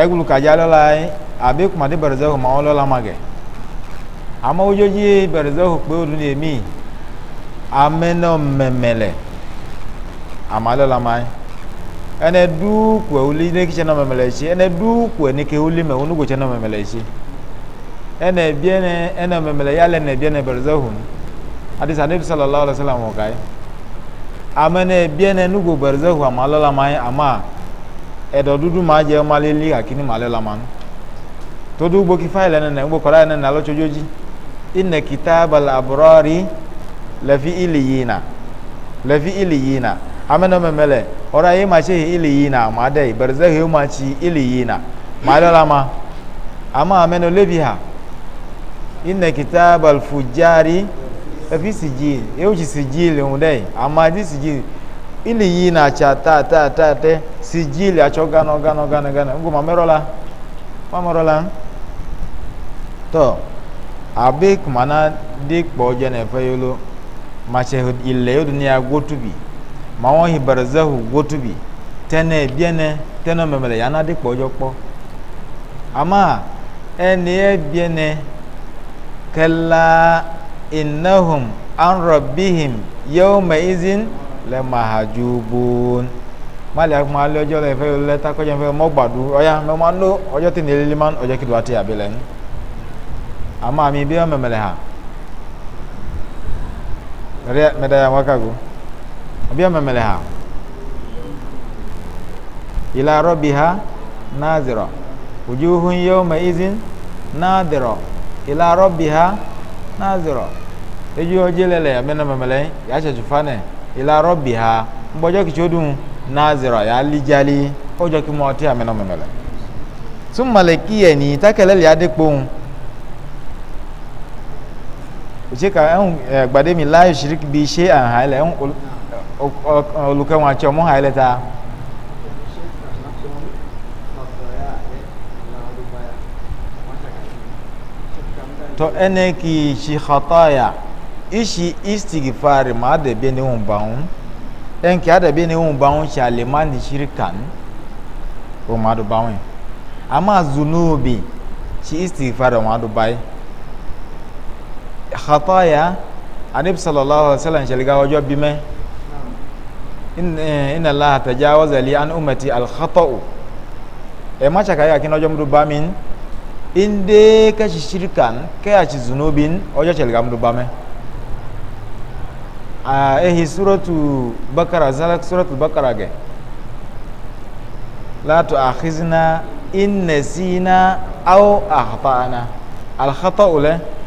A: ẹgbù kàdé alọ́la yìí àbí kùmàdé bẹ̀rẹ̀ zẹ́ kùmà ọlọ́la ma gẹ̀ amewo dzodzi berezɔho kpe woɖu ne mi ame ne meme le ame ale la mae ene du kue wuli ne kitse ne meme le tsi ene du kue ne ke wuli me wo nugo tse ne meme le tsi ene bie ne ene meme le ya le ne bie ne berezɔho nu adisa ne bisala la wale salam wɔ kae ame ne bie ne nugo berezɔho ame ale la mae ama eɖɔ dudu ma dze ma lili gake ne ma ale la ma nu todo gbogbo kifa yi le nene gbogbo kɔ ɖa nene alo tso dzo inna kitabal abrari lafi iliyina lafi iliyina amena memele ora yi ma chehi iliyina ma dai barzahi ma chi iliyina ma lola ma ama ameno lebi ha inna kitabal fujari lafi sijil eu chi sijil un dai ama di sijil iliyina cha ta ta ta te sijil acho gano gano gano gano ngoma merola ma merola to abe kumana dị kpọọ je na efe yolo ma che ile yo dunia bi. ma wọn hi barzahu gotubi tene biene tene memele ya na dị kpọọ jo kpọ ama ene ye biene kala innahum an rabbihim yawma izin le mahajubun mali akuma le ọjọ́ le efe yolo lẹ́ta kọjá efe yolo mọ́gbàdú ọya mẹ́mọ́ ló ọjọ́ tí na elili ma ọjọ́ kí ló wá ti àbí lẹ́nu. ama mi bi ama mele ha re me da ya waka go bi ama mele ha ila rabbiha nazira wujuhun yawma izin nadira ila rabbiha nazira eju oje lele ya mena mele ya cha jufane ila rabbiha mbojo kichodun nazira ya lijali ojo ki mo ti amena mele summa lekiyeni takelele adekpohun ce ka yan gbade mi la shirik bi she an haila yan olukan wace mun haila ta to ene ki shi khataya ishi istighfar ma da bene hun baun en ki ada bene hun baun shi aleman di shirkan o ma do baun amma zunubi shi istighfar ma do bai khataya anabi sallallahu alaihi wasallam ṣẹlẹ̀ gáwọ́ ọjọ́ bímẹ́ eh, inna allah tajawaza li an umati al khata'u e ma chaka ya kinojo mdu bamin inde ka shirkan ka ya chi zunubin ojo chel ga mdu bame a ehi suratu bakara zalak suratu bakara ge la tu'akhizna in nasina aw akhtana al khata'u la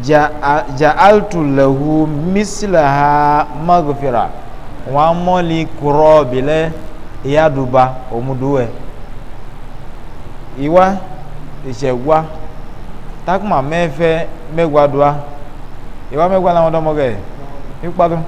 A: ja'altu lahu mislaha maghfira wa moli kuro bile ya duba omuduwe iwa ìṣẹ̀gbá takuma mẹ́fẹ́ mẹ́gbàdùá ìwà mẹ́gbàdùá làwọn ọdọmọgẹ ìpàdùn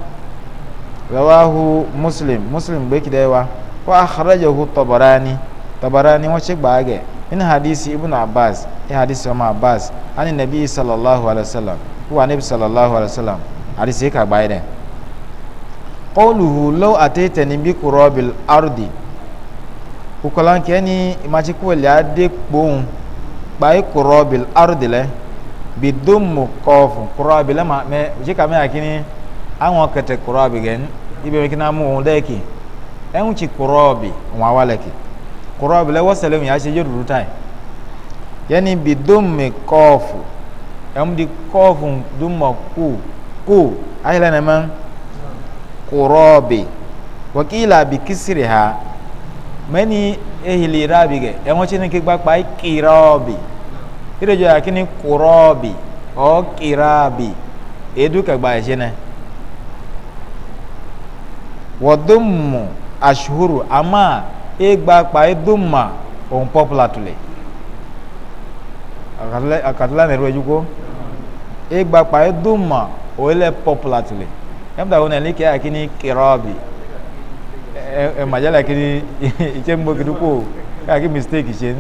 A: rẹwàhù muslim muslim gbẹkìdẹ wa wà á xarajahu tọbarani tọbarani wọn ṣe gbàgẹ nínú hadisi ibùnà abbas ya hadisi ọmọ abbas ani nabi sallallahu alaihi wasallam wa nabi sallallahu alaihi wasallam hadisi ka gbaye dẹ qawluhu law ataitani bi qurabil ardi ukolan keni imachi kweli ade kpohun gbaye qurabil ardi le bi dummu qofu qurabil ma me jika me akini àwọn kete qurabi gen ibe me kina mu deki enchi qurabi wa waleki qurabi le wasalamu ya se yoru tai yani bi dumme kɔɔfu ɛmu di kɔɔfu dumma ku ku ayila na ma kurɔɔbi wakila bi kisiri ha mɛni ehili rabi gɛ ɛmu tsi ni kegba kpa kirɔɔbi kiri jɔ yakini kurɔɔbi ɔ kiraabi edu kagba ɛsɛ nɛ wɔdumu asuhuru ama egba kpa edumma ohun pɔpula tuli. akatila nẹrú ẹjú kó egba kpa edoma oyele populatili ẹmuta wọn ẹni kẹ akini kirọbi ẹ e, ẹ e, madjala akini itse mbokiduko kaki mistake itse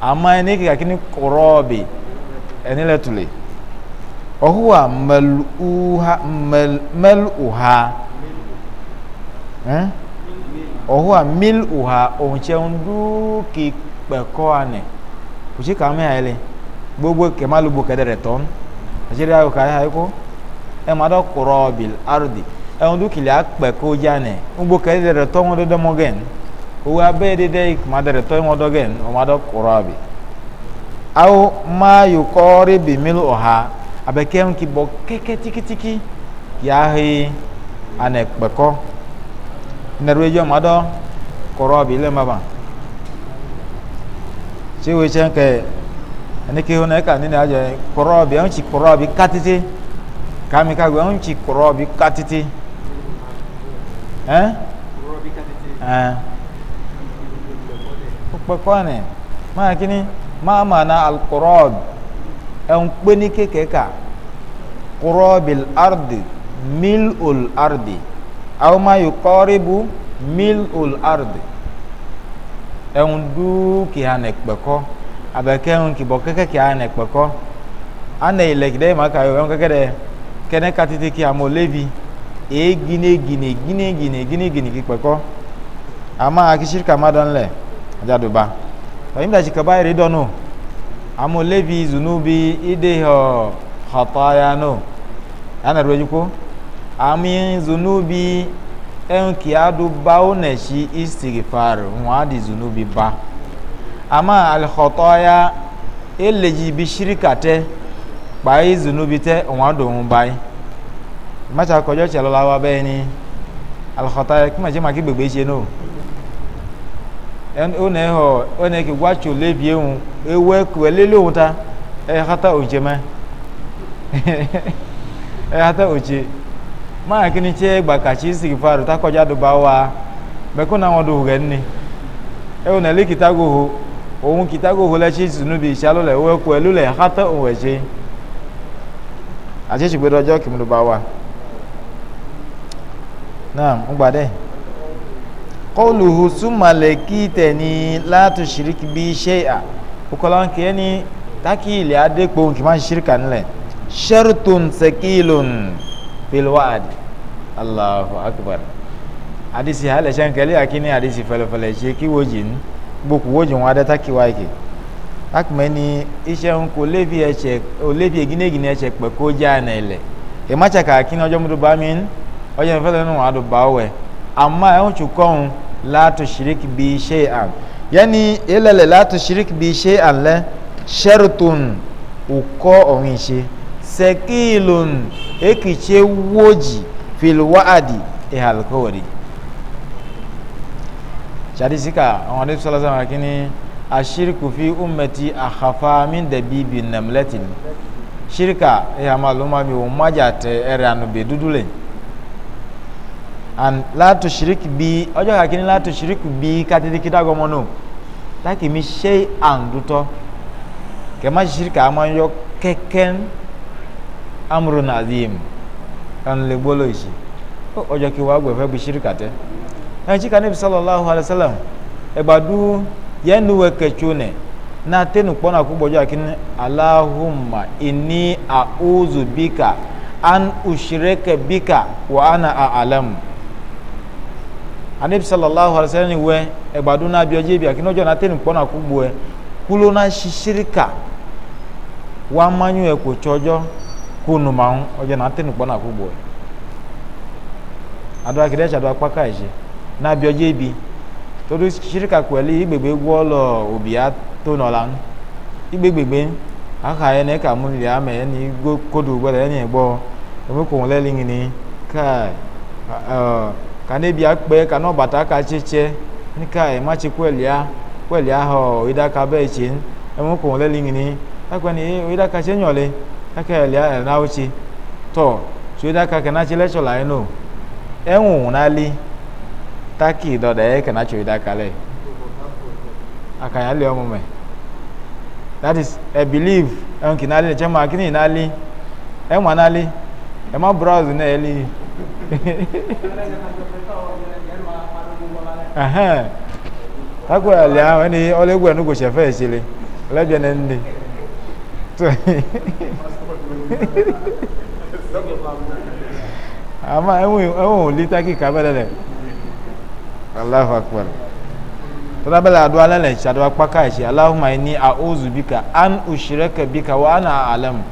A: ama ẹni kẹ akini kurọbi ẹni lẹ tuli ọhuwa mẹluha mẹluha ẹ eh? ọhuwa miluha ohun tse ń dúkì pẹkọ kàmú yà ẹ lẹ gbogbo kemalu bo kɛdɛ rɛ tɔn asiri ayo ka ayi ko ɛma dɔ kɔrɔ bil ardi ɛwọn du kili akpɛ ko dza nɛ gbogbo kɛdɛ rɛ tɔn wɔn dɔ mɔ gɛn owó abɛ yi dɛ kuma dɛ rɛ tɔn wɔn dɔ gɛn ɔma dɔ kɔrɔ bi awo ma yi kɔɔri bi milu ɔha abɛ kɛn ki bɔ kɛkɛ tikitiki yahe anɛ kpɛkɔ nɛrɛ yi dɔ ma dɔ kɔrɔ bi lɛ ma ba sewe tiɛn aneke ho eh? eh. na eka e ne na agye korɔ bi ɛho nkyi korɔ bi katete kame ka gu ɛho nkyi korɔ bi katete ɛn ɛn kpɛkɔ ne maa kini maa maa na alkorɔ ɛn kpe ne keke ka korɔ bil ardi mil ol ardi aw ma yi kɔɔri bu mil ol ardi ɛn duu kiha ne abeke ŋu kibɔ keke kia ane kpekɔ ane yi le ɖe ma ka yɔ keke ɖe kene katiti kia mo levi eye gine gine gine gine gine gine ki kpekɔ ama akisiri kama dɔn lɛ adzadu ba tɔyim da tsike ba yi ri amo levi zunu bi ide hɔ xɔtɔ ya no ana do ediko ami zunu bi eŋu kia do bawo ne si istigi fari ŋun bi ba. ama alihɔtɔya eleyi bi shirika tɛ kpai zunubi tɛ wọn do ŋun bai mɛtsa kɔjɔ tsi lɔla wa bɛyi ni alihɔtɔya kuma tsi ma ki gbegbe tsi no one hɔ one ki wa tso lebie ŋu e ewɛ kuɛ lele ŋu ta ɛyɛ e hata otse mɛ ɛyɛ hata otse maa kini tse gbakatsi sigifa do ta kɔjɔ do ba wa bɛ ko na wọn do hu gɛ ni ewɔ na leki ta go ho. òun kìtàgò hólẹ́sí zunubi ìṣàlùlẹ̀ owó ẹ̀kọ́ ẹlúlẹ̀ hátọ́ òun ẹ̀ṣẹ́ àṣìṣe gbẹdọ ọjọ́ kìmùlù bá wà náà ń gbàdẹ́ kọlùhù súnmọ̀lẹ̀ kí tẹ̀ni látò ṣìríkì bí iṣẹ́ à òkọlá ń kí ẹni tákì ilẹ̀ adépo kì máa ń ṣìríkà nílẹ̀ ṣẹ́rùtùn akbar àdìsí halẹ̀ ṣẹ́ńkẹ́lẹ́ àkíní àdìsí fẹlẹ́fẹlẹ́ ṣe kí wọ́n gboku wo jin wa da taki wa yake akmeni ise n ko levi ese o levi eginegine ese pe ko ja na ile e ma chaka kini ojo mudu ba min ojo n fele nu wa do ba we amma e hun chukon shirik bi shay'an yani ilele la to shirik bi shay'an le shartun uko ohun ise sekilun ekiche woji fil wa'adi e sadisika àwọn adé sọlá sàmà kínní asirikufi umeti ahafa min dabi bi namletin sirika eya ma luma mi wọn maja tẹ ẹrẹ anu bẹ dudu lẹ and láti sirik bi ọjọ́ kakini láti sirik bi katidi kidago mọ no láti mi ṣe àǹdutọ kẹma sirika a ma yọ kẹkẹn amuru nazim kan lè gbọ́lọ̀ ìṣe ọjọ́ kí wàá gbẹ̀fẹ́ bi sirika tẹ ẹnitsi ka nebi sallallahu alayhi wa sallam ẹgbadu yẹnu wẹ kẹtso nẹ na tẹnu kpɔn na kó gbɔdɔ alahuma ini auzu bika an usireke bika wa ana alamu anabi sallallahu alayhi wa sallam wɛ ɛgbadu na abiɔdze bi akini ɔjɔ na tẹnu kpɔn na kó gbɔɛ kulo na sisirika wa manyu ɛkò tsɔjɔ kó numaŋu ɔjɔ na tẹnu kpɔn na kó gbɔɛ adu akidɛ tsi adu akpaka yi tsi. na biɔdze bi toɖo sirika kɔɛli igbegbe gbɔ lɔ obia to nɔ la ŋu igbegbegbe aha yɛ ne ka mu li ma yɛ ni go kodo gbɔ lɛ yɛ ni gbɔ emu ko lɛ li ŋini ka ɛɛ kane bia kpɛ kanɔ bata ka na ọbata ka yɛ ma tsi kɔɛlia kɔɛlia hɔ oyida ka bɛ tsi emu e ko lɛ li ŋini akɔ ni oyida ka tse nyɔ le aka yɛ lia ɛna wo tsi tɔ tso oyida ka na tsi lɛ tsɔ la yɛ no ɛŋu e na li. taki dọ ɖe eke na da ka lɛ akanya li that is a belief ɛn kina li tsɛ ma kini na li na li ɛma browse na ahụ ɛni ɔlɛ egwu ɛnu gosi ɛfɛ esile ɔlɛ bi ɛnɛ taki kabɛ lɛ allahu akbar tọ́lábẹ́lẹ̀ àdúrà lẹ́lẹ̀ ṣàdúrà pákà ẹ̀ṣẹ̀ aláhùnmáì ní àóòzù bíkà án òṣìrẹ́kẹ̀ bíkà wà á nà àlẹ́mù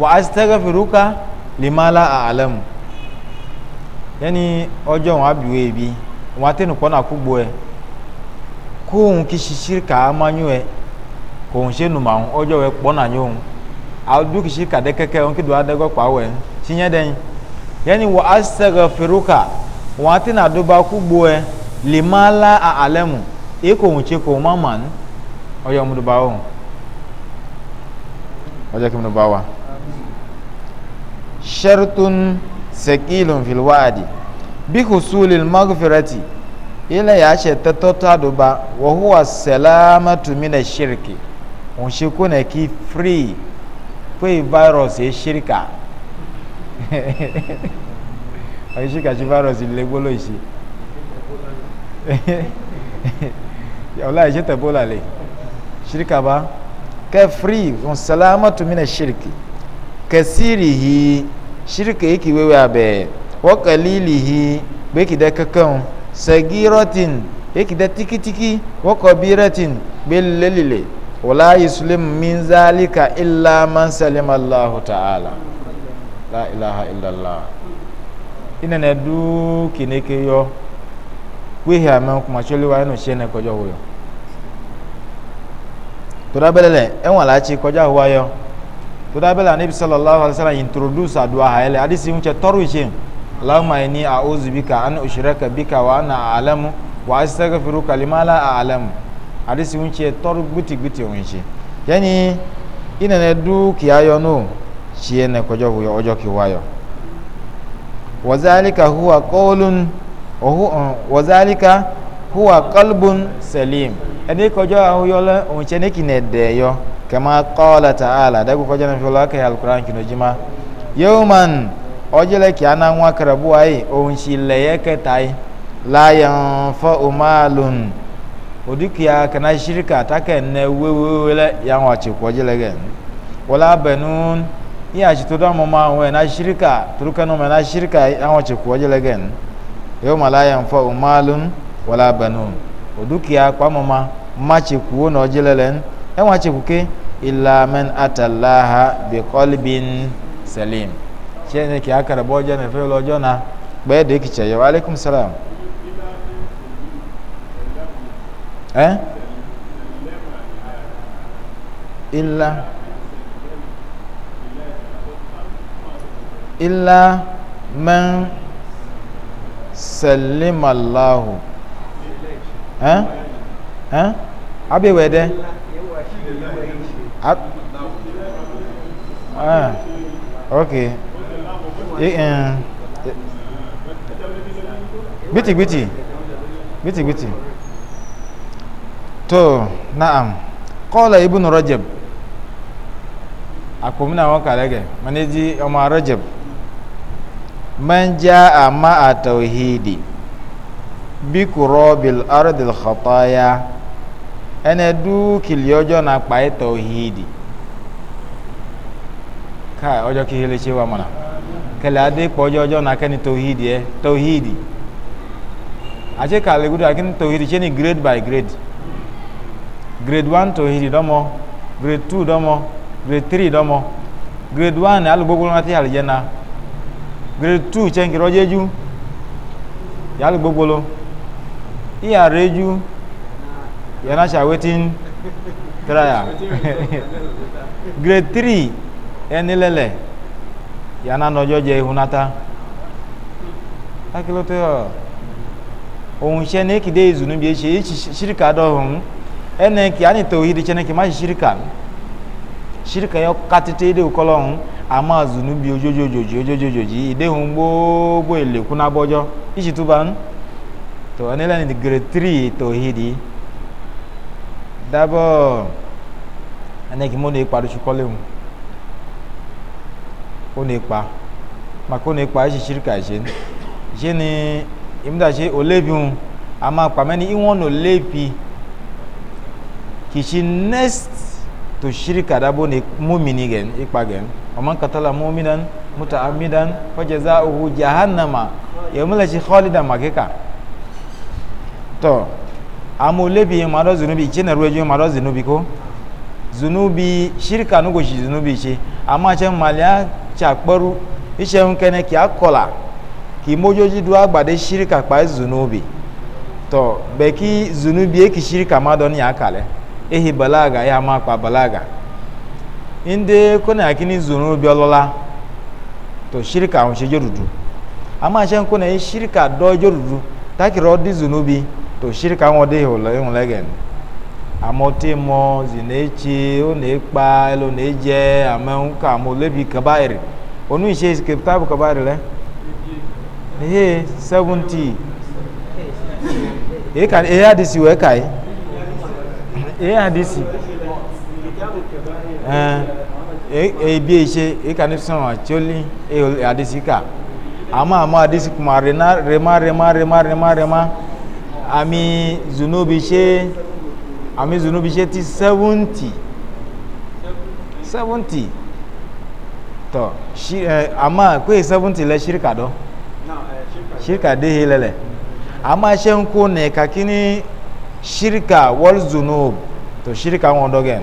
A: wà á sì tẹ́gẹ́ fìrúkà lèmọ́lá àlẹ́mù yẹ́nì ọjọ́ wọn àbíwé ibi wọn àtẹnu pọ́n náà kúgbó ẹ kóhun kì í ṣiṣẹ́ kà á máa yún ẹ kóhun ṣe nùmọ̀ àwọn ọjọ́ ẹ pọ́n náà yún àdúrà kì í ṣe kàdé kẹ́kẹ́ wọn kí dùn adẹ́gọ́ pàwọ̀ dẹ́yìn yẹ́nì wà á sì tẹ́gẹ́ wọn ati na do ba limala a alɛ mu eko ŋun tse ko ma ma nu ɔyɔ mu do ba wo ɔjɛ kemu bi ila ya ce ta tota do ba wa huwa salamatu mina shirki ŋun tse ko na ki free virus ọ̀yíṣìkàṣì virus ilé gbóló ìṣe ọ̀la ìṣe tẹ̀bólà lè ṣìríkàbá kẹfìrí ọ̀sálàmọ́tòmínà ṣìríkì kẹsìrì yìí ṣìríkì yìí kì wéwé abẹ́ wọ́kẹ̀lìlì yìí gbẹ́kìdẹ́ kankan sẹ́gírọ́tìn yìí tikitiki wọ́kọ̀bírẹ́tìn gbẹ́lẹ́lẹ́lẹ́ wọ́lá yìí min zálíkà ilá mọ́nsálẹ́mọ́ aláhùtà àlà láìláha ilàlá inene duu kineke yɔ wehe ame kumatsoli wa eno tse ne kɔdza wo yɔ toda bɛlɛ lɛ ɛwɔn la tsi kɔdza wa yɔ toda bɛlɛ anabi sallallahu alaihi introduce adu aha yɛ lɛ adi si ŋutsɛ tɔru tse alahuma yi ni aozu bika ana osiraka bika wa ana alamu wa asitagafiru kalimala alamu adi si ŋutsɛ tɔru gbitigbiti ohun tse yɛni inene duu kia yɔ no tse ne kɔdza wo yɔ ɔdzɔ ki yɔ wazalika huwa kọlun wazalika huwa kalbun salim ẹni kọjọ àwọn yọlẹ òun ṣe ní kìnnà ẹdẹ yọ kẹmà kọlá tààlà dẹkù kọjọ náà fi lọkẹ alukuran kìnnà jimá yéwùmán ọjọlẹ kìá náà wọn kẹrẹbù ayé òun ṣì lẹyẹ kẹta yìí láyọn fọ ọmọlùn òdìkìá kẹna ṣíríkà tákẹ ẹnẹ wéwéwé lẹ yà wọn àti kọjọlẹ gẹ iya ci tudan mu ma wa na shirka turkanu ma na shirka an wace kuwa jilagen yau malayan fa umalun wala banun o oh, dukiya kwa mu ma ma ci kuwa na jilalen an wace kuke illa man atallaha bi qalbin salim ce ne ki aka rabo jana fe lojo na gbe da yake ce yau alaikum salam eh illa illa man salimallahu eh eh abe wede Ab ah okay e, eh biti biti biti biti to na'am qala ibnu rajab akomina wa kalege maneji umar rajab man jaa ma'a tauhidi bi kurobil ardil khataya ene du kili ojo na kpai tauhidi kai ojo ki hele chewa mana kele ade kpo ojo ojo na keni tauhidi e tauhidi aje kale gudu akini tauhidi cheni grade by grade grade 1 tauhidi domo grade 2 domo grade 3 domo grade 1 alugbogbo na ti aljana grade two chenkiri ọjẹju yàrá gbogbo lo ìyàrá eju yàrá ṣàwétín tíráyà grade three ẹni lẹlẹ yàrá nọjọ jẹ ihunata akilọtọ ohun iṣẹ ní èkìdé ìzùnú bíi ṣe é ṣíríkà dọ̀hún ẹnì kí á ní tòwí di ṣẹ́ni kí má ṣe ṣíríkà ṣíríkà yọ kátìtì ìdè òkọlọ́hún ama zunubi ojojojoji ojojojoji idehun gbogbo ilekun abọjọ ishituban to ọnilẹni grade three tohidi dabọ ẹnẹki mo ne ipa dosu kọlẹhun o ne ipa mako ne ipa esi shirika ese ese ni imudase olebihun ama pamẹni iwọn olebi kìí ṣe next to shirika dabo ne mumini gẹn ipa gẹn. ومن قتل مؤمنا متعمدا فجزاؤه جهنم يوم لا شيء خالدا مكيكا تو amu lebi yin ma do zunubi ce na ruwe ma do zunubi ko zunubi shirka nugo shi zunubi ce amma can maliya cakparu ishe n kene ki akola ki mojoji du agbade shirka kpa zunubi to be ki zunubi eki shirka ma don ya kale ehi balaga ya ma kpa balaga inde kona kini zunu biolola to shirika on sheje rudu ama shen kona shirika dojo rudu taki rodi zunu bi to shirika won de hola yun legen amoti mo zinechi o ne pa elo ne je amen ka mo lebi kabair onu ise kitab kabair le eh 70 e kan e hadisi we kai e hadisi ebi ese ikani a tsoli adisika ama ama adisi kuma rena rema rema rema rema rema ami zunubi se ami zunubi se ti seventy seventy tɔ si ama koe seventy lɛ sirika dɔ sirika dehe lɛ ama se ŋko ne kakini sirika wọl zunubi tɔ sirika ŋɔ dɔ gɛn.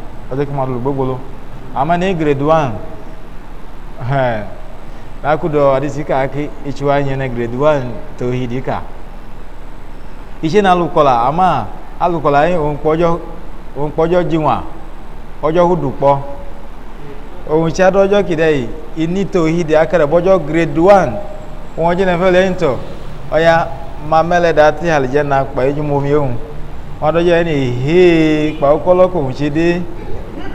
A: ọjọ́ kí n máa lò gbogbo àmọ́ ní grade one lákùdọ̀ àdìsíkà kí ìṣúwá yẹn ní grade one tó hi dìkà iṣẹ́ náà alùkọ́là àmọ́ alùkọ́là yẹn òun pọ́jọ́ jiwọ̀n ọjọ́ hudu pọ́ òun ṣe adọ́jọ́ kìdẹ́ yìí iní tó hi dì akẹ́rẹ́ grade one wọn jẹ́ nẹ́fẹ́ lẹ́yìn tọ̀ ọ̀ya máa mẹ́lẹ̀ dá tí àlìjẹ́ náà pàyẹ́jú mọ́mi òun wọn adọ́jọ́ yẹn ní ìhé pàókọ́lọ́kọ̀ òun ṣe dé.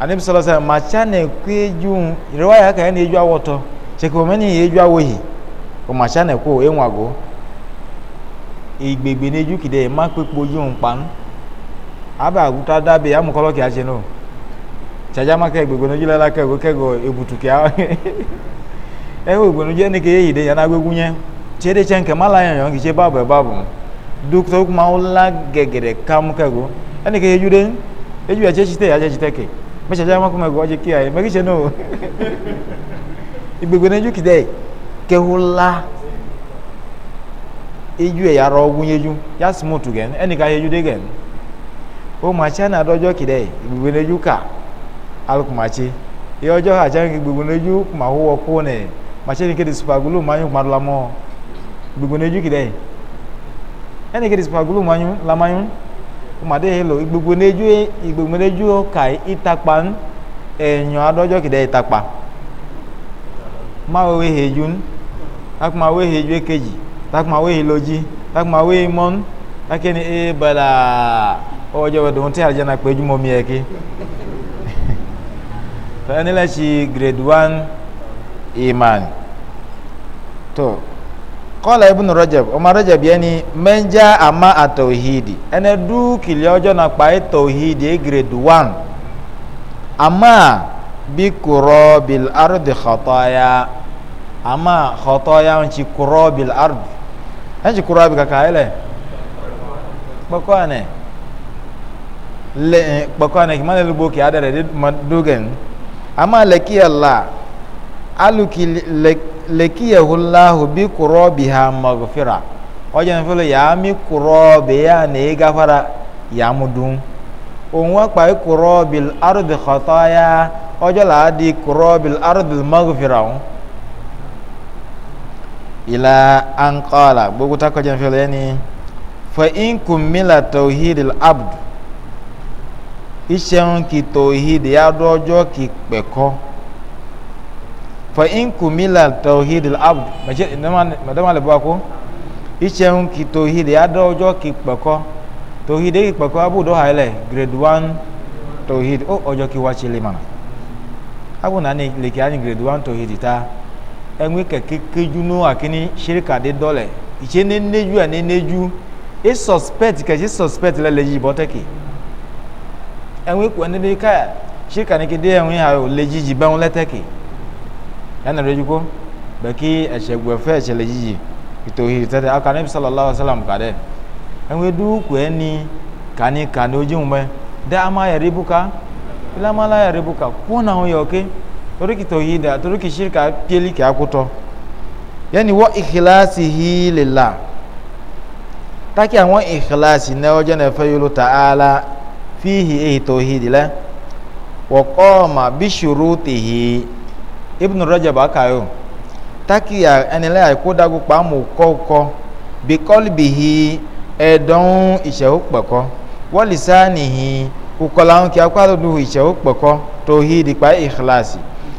A: anabi sọlọ sọ macha na ekwu eju ya ka ya na eju awọ ọtọ cheke omeni ihe eju awọghị macha na ekwu agụ igbegbe na eju kide ma kpekpe oju mkpan aba agụta dabe ya mụkọrọ ka ya chi no chaja maka egbegbe n'oju lela ka ego kego ebutu ka ewe egbe n'oju ene ka ya ya na agwegwunye chede che nke mala ya yọn ba babu ebabu dukta okwu ma ụla gegere kego ene ya ejude eju ya chechite ya chechite ke mɛsɛsɛ ama kuma gɔdzi kia yi mɛkisɛ no igbegbe n'edzo kidɛ kehu la edzo yɛ yarɔ wu yedzo ya smutu gɛn ɛni ka yedzo de gɛn o matsi ana dɔdzɔ igbegbe n'edzo ka alu kumatsi ye ɔdzɔ ha atsi igbegbe n'edzo kuma hu ɔku nɛ matsi ni kele supagulu manyu kuma do la mɔ igbegbe n'edzo kidɛ ɛni kele supagulu manyu la manyu kòmàdé yìí lò gbogbo nejú gbogbo nejú ka ìtakpa ń ẹ̀yàn adọ́jọ́ kìdẹ́ ìtakpa máa wéhe ju ń takuma wéhe ju èkejì takuma wéhe lójí takuma wéhe mọ́n takeni ee bala ọjọ́ bẹ̀rẹ̀ tó ń tẹ́ àjẹ́ náà pé jùmọ̀ mi ẹ̀ kí fẹ́ẹ́ nílẹ̀ sí grade one iman tó kọ́lá ibùnú rọ́jẹ̀b ọmọ rọ́jẹ̀b yẹn ni mẹ́njá àmà àtọ̀hìdì ẹni dúkìlì ọjọ́ náà pàì tọ̀hìdì égrèdù wán àmà bí kúrọ́ bìl árùdì xọ́tọ́yà àmà xọ́tọ́yà ń ci kúrọ́ bìl árùdì ẹ̀ ń ci kúrọ́ bìl kàkà ayẹlẹ̀ kpọ́kọ́ ànẹ́ lẹ́ kpọ́kọ́ ànẹ́ kìmá lẹ́lu bókì adẹ̀rẹ̀ dé àmà lẹ́kìyà la alùkì lẹ́kì lekiyahu lahu bi kurobiha magfira ọjọ́ ní fẹ́lẹ̀ yàá mi kurobi yà ní gafara yàá mu dùn òun wá pa kurobi ardi xɔtɔya ọjọ́ làá di kurobi ardi magfira o ìlà ankọ́la gbogbo takọ̀ jẹ́ fẹ́lẹ̀ ni fa inkun mila tawhid abdu iṣẹ́ ń kì tawhid yà dọ́jọ́ kì fa in kumila tawhid al-abd madama le bako ichehun ki tawhid ya do ojo ki peko ki abu do haile grade 1 tawhid o oh, ojo ki wachi le mana abu n'ani le ki ani grade 1 enwe akini shirika de dole iche ne neju ane neju e suspect ke je suspect le leji boteki ka shirika ni ki de ha o leji ɛna do dziko bɛki ɛtsɛ gu ɛfɛ ɛtsɛ le dzidzi itohi tɛtɛ aka nebi sallallahu alaihi wa sallam ka dɛ ɛŋue du ku ɛni kani kani odzi ŋu mɛ dɛ ama yɛ ribu ka ilé ama la yɛ ribu ka kó na ŋu yɛ oke torí kitohi da torí kisiri ka pieli kɛ akutɔ yɛni wɔ ikilasi hi le la taki àwọn ìkìláàsì náà ọjọ́ náà fẹ́ yóò ta ààlà fíhì èyí tó hì dì lẹ́ wọ́kọ́ ibnu rajab akayo takiya ẹnilẹ àìkú dagun pàmò kọkọ bíkọlìbìhì ẹdọ̀n ìṣẹ̀wó pẹ̀kọ́ wọ́lìsánìhì kukọ̀láhùn kí akpàdùnú ìṣẹ̀wó pẹ̀kọ́ tóhì dìpa ìkìláàsì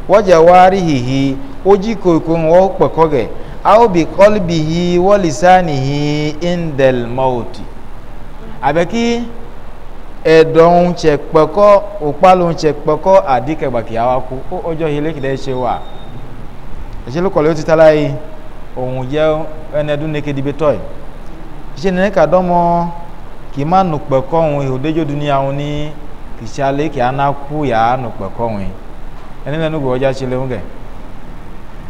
A: wọ́jà wárìhìhì ojí kòkó wọ́n pẹ̀kọ́ gẹ̀ àwọn bíkọlìbìhì wọ́lìsánìhì ìndẹ̀lmọ́ọ̀tì àbẹ̀kí edon che kpeko ukpalun che kpeko adike gbaki awaku o ojo hile kide se wa ese lo kole o ti tala yi ohun je ene dun neke dibe toy ise ne ka domo ki ma nu kpeko ohun ihodejo dunia ohun ni kìsàlẹ̀ kì á ná kú yà á nù pẹ̀kọ́wìn ẹni lẹ́nu gbọ́ ọjà ṣẹlẹ̀ ń gẹ̀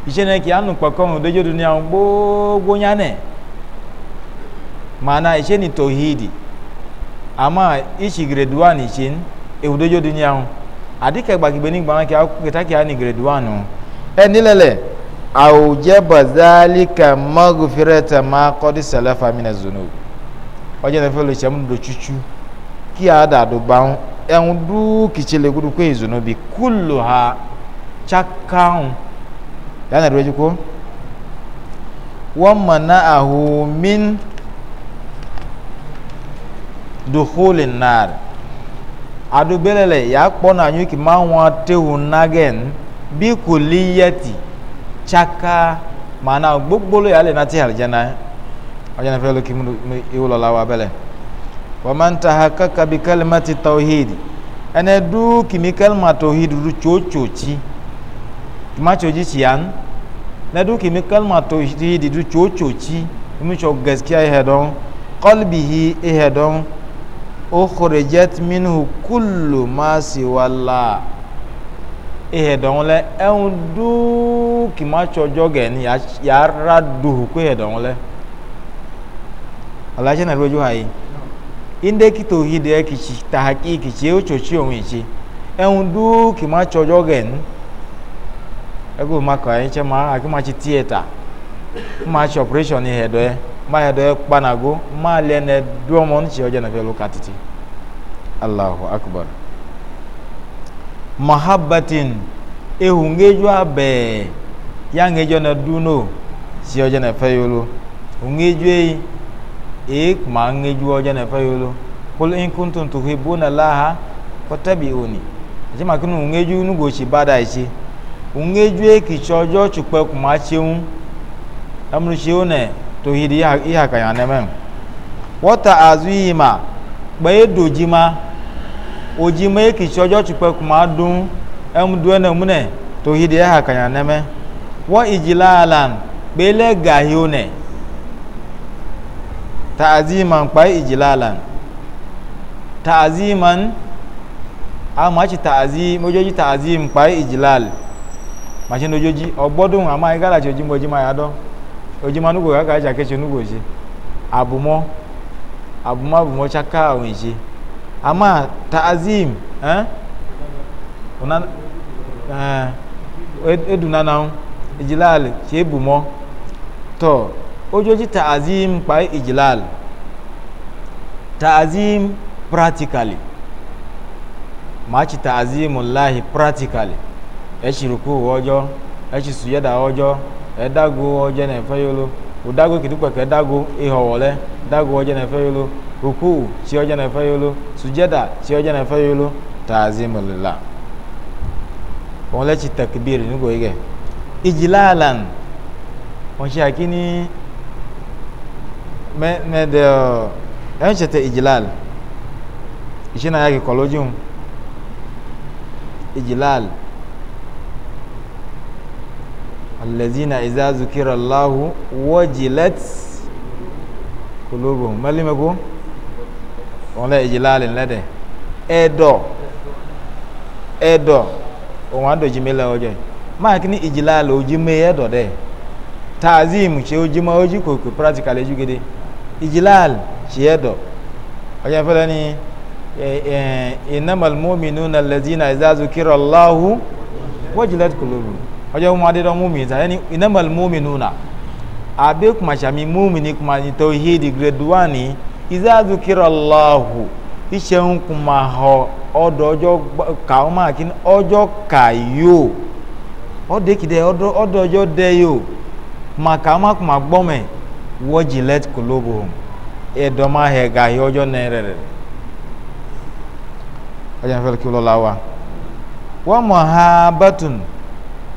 A: iṣẹ́ náà kì á nù pẹ̀kọ́wìn lójú dúnìá gbogbo yánẹ̀ màánà iṣẹ́ ni tòhídìí. ama ichi grade 1 ichin ewudojo dị nyanwụ adịka gbagigbe n'igba nwa ka akwụkwọta ka ya ni grade 1 e nilele àwùjẹ́bọ̀ zálíkà mọ́gùfẹ́rẹ́tà máa kọ́dí sẹlẹ́fà mí nàzọ́nù ọjọ́ nàfẹ́ lè ṣe múlò chuchu ki a dàdú bá ń ẹ̀hún dúkìtì lè gudu pé ìzọ́nù bí kúlù ha chakáhùn yánà ìrẹ́jú kó wọ́n dukhuli nar adubelele ya kpɔna anyi ki ma ŋua tewu nagen bi kuli yeti tsaka mana gbogbolo ya le na ti alijana alijana fɛ loki mu iwulɔla wa bɛlɛ waman taha kaka bi kalimati tawhid ɛnɛ du kimi kalima tawhid du tsotsotsi kima tsotsi tsiyan ne du kimi kalima tawhid du tsotsotsi imu tsɔ gaskiya ihe dɔn kɔlbihi ihe dɔn. ukhrijat minhu kullu ma siwala ihe dɔnle ɛŋu duu kìma tsɔjɔ ya yàrá duhu ku ihe dɔnle alatsɛ na ɖoɖo hayi inde kito hi de kitsi tahaki kitsi o tsotsi ohun itsi ɛŋu duu kìma tsɔjɔ gɛni ɛgbɛ ma kɔ anyi tsɛ ma aki ma tsi tiɛta ma tsi ɔpɛrɛsɔn ni ihe dɔ yɛ. maya do kpanago ma lene duomon ci oja na velo katiti allahu akbar mahabbatin ehungejo abe ya yangejo na duno ci oja na feyolo hungejo yi ek ma ngejo oja na feyolo qul in kuntum tuhibbuna allaha fattabi'uni jema kinu hungejo nu gochi bada e ichi hungejo ki chojo chupe kuma cheun amru cheune tohidi iha kanya nemen wata azima gbaye dojima ojima eki chojo chupe kuma dun em duene mune tohidi iha kanya neme wa ijilalan bele gahione ta'aziman gbaye ijilalan ta'aziman a machi ta'azim mojoji ta'azim gbaye ijilal machin dojoji ogbodun ama igala choji jima ma yado ojima nugo kaka dza ketse nugo dzi abumɔ abumɔ abumɔ tsaka awon dzi ama taazim ɛn ona ɛn edu nana ŋu edzilal tse bumɔ tɔ odzodzi taazim kpa edzilal taazim practically matsi taazim lahi practically etsi ojo, wɔdzɔ etsi suyɛda wɔdzɔ edago ɔdze nɛfɛ yolo odago kidukpɛkɛ dago ihɔwɔ lɛ dago ɔdze nɛfɛ yolo ruku tsi ɔdze nɛfɛ yolo sujɛda tsi ɔdze nɛfɛ yolo taazimulila wọn lɛ tsi takibiri nugo yi kɛ idzilalan wọn tsi akini mɛ mɛ de ɔ ɛn tsi tɛ idzilal ìṣe náà yà kí kɔlódzi ŋu idzilal alẹ́zínà ìzázukira láhu wọ́jìlẹ́t kolobo mẹ́límẹ́kó wọn lẹ́ ìjìlá alẹ́ lẹ́dẹ̀ ẹ̀dọ̀ ẹ̀dọ̀ òun àdójì mi lẹ́ ọjọ́ yìí máa kí ni ìjìlá alẹ́ ojú mi ẹ̀dọ̀ dẹ̀ tazim ṣe ojú mọ́ ojú kòkò practically ojú gidi ìjìlá alẹ́ ṣe ẹ̀dọ̀ ọjọ́ ìfẹ́lẹ́ ni ìnàmàlmọ́mìnú na lẹ́zínà ìzázukira láhu wọ́jìlẹ́t kolobo ọjọ́ wọn adé dán múmi ìtàn ẹni ìnámọ̀lì múmi nùnà àbẹ́ kùmàṣàmì múmi ni kùmàṣàmì tó yé di gírẹ́dùwà ní ìzáàdù kírọ̀ láàhù iṣẹ́ ń kùmàhọ ọ̀dọ̀ ọjọ́ kà ó máa kí ni ọjọ́ kà yóò ọ̀dọ̀ èkìdẹ ọ̀dọ̀ ọjọ́ dẹ yóò kùmàkà ó má kùmà gbọ́mẹ̀ wọ́jì lẹ́t kòlóbò ẹ̀dọ̀ máa hẹ̀ gà yí ọjọ́ náírà rẹ̀ ọjọ́ ìfẹ́ kí ó lọ́la wa wọ́n mọ̀ ha bẹ́tùnù.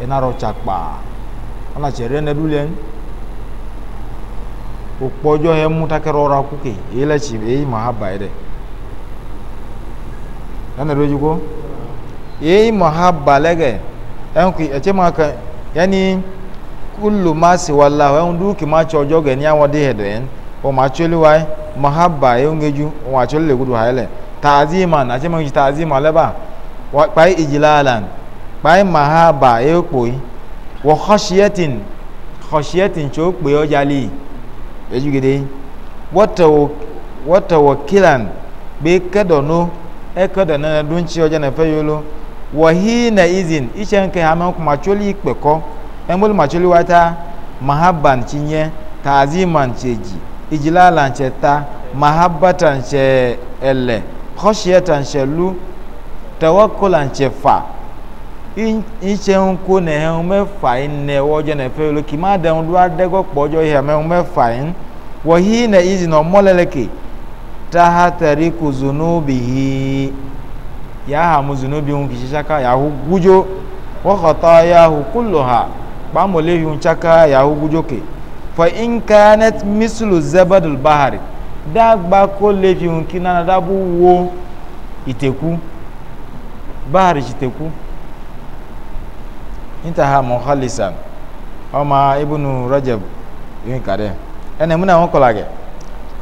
A: ena rɔ tsakpa ɔna tse ɖe ne ɖuliɛ ŋu okpɔdzɔ yɛ mu take rɔra kuke eyi lɛ tsi eyi ma ha ba yi dɛ ɛna ɖo dziko eyi ma ha ba lɛ gɛ ɛnku ɛtsɛ ma ka yanni kulu ma si wala ɛnu du ki ma tsɔ ɔdzɔ gɛ ni awɔ di yɛ dɛ o ma tso li wa yi ma ha ba yi ŋu edu o ma tso li le kudu ha yi lɛ taazi ma na tse ma ŋu taazi ma lɛ ba wa kpa yi idzi la la kpai mahaba ekpoi wɔ xɔsietin xɔsietin tso kpe ɔdzali edzugede wɔtɛwɔ wɔtɛwɔ kilan gbe kɛdɔnu ɛkɛdɔ e nana do ŋtsi ɔdza nɛfɛ yolo wɔhi na izin itse ŋkɛ ame kumatsoli kpɛkɔ ɛmoli matsoli wata mahaba ŋtsi nye taazima ŋtsi dzi idzilala ŋtsi ta mahabata ŋtsi ɛlɛ xɔsieta ŋtsi lu tɛwɔkola ŋtsi fa ntse ŋko ne he ŋume fa yi ne wɔdze ne fe lo kima de ŋu do aɖe gbɔ kpɔdzɔ yi ame ŋume fa yi wɔ hi ne izi nɔ mɔ le le ke taha tari ko zonu bi hi ya ha mu zonu bi ŋu kisi tsaka ya ho gudzo wɔkɔtɔ ya ho kulo ha kpamɔ hi ŋu tsaka ya ho gudzo ke fɔ inkanet misulu zebedul bahari dagba ko le fi ŋu kina na dabu wo iteku bahari iteku. intaha mukhallisan ọma ibnu rajab yun kare ẹnna mu na wọn kọla gẹ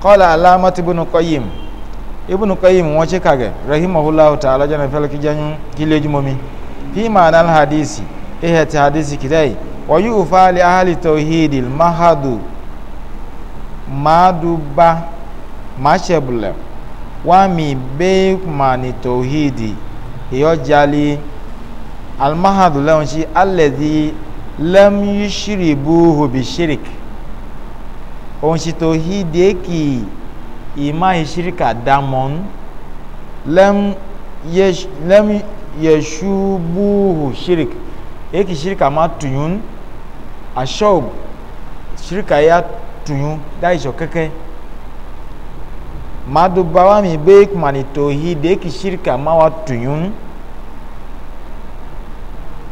A: kọla alamat ibnu qayyim ibnu qayyim wọn ṣe kagẹ rahimahulahu ta'ala jana fẹlẹ kijanyu kile jumomi fi ma'ana alhadisi ihe ti hadisi kidai wa yufa li ahli tawhid mahadu maduba mashabula wa mi be kumani tawhidi iyọ jali. almahadu lẹ́wọ̀n sí alẹ́dí lẹ́múṣírìbù hòbí shirik ohun sì tó hídéèkì ìmá ìṣíríkà dámọ́n lẹ́múyẹ̀ṣubù shirik èkì ṣíríkà má tùyún ashọ́b ṣíríkà yá tùyún dáìṣọ́ kẹ́kẹ́ madubawa mi bẹ́ẹ̀kì mànìtò hídéèkì ṣíríkà má wá tùyún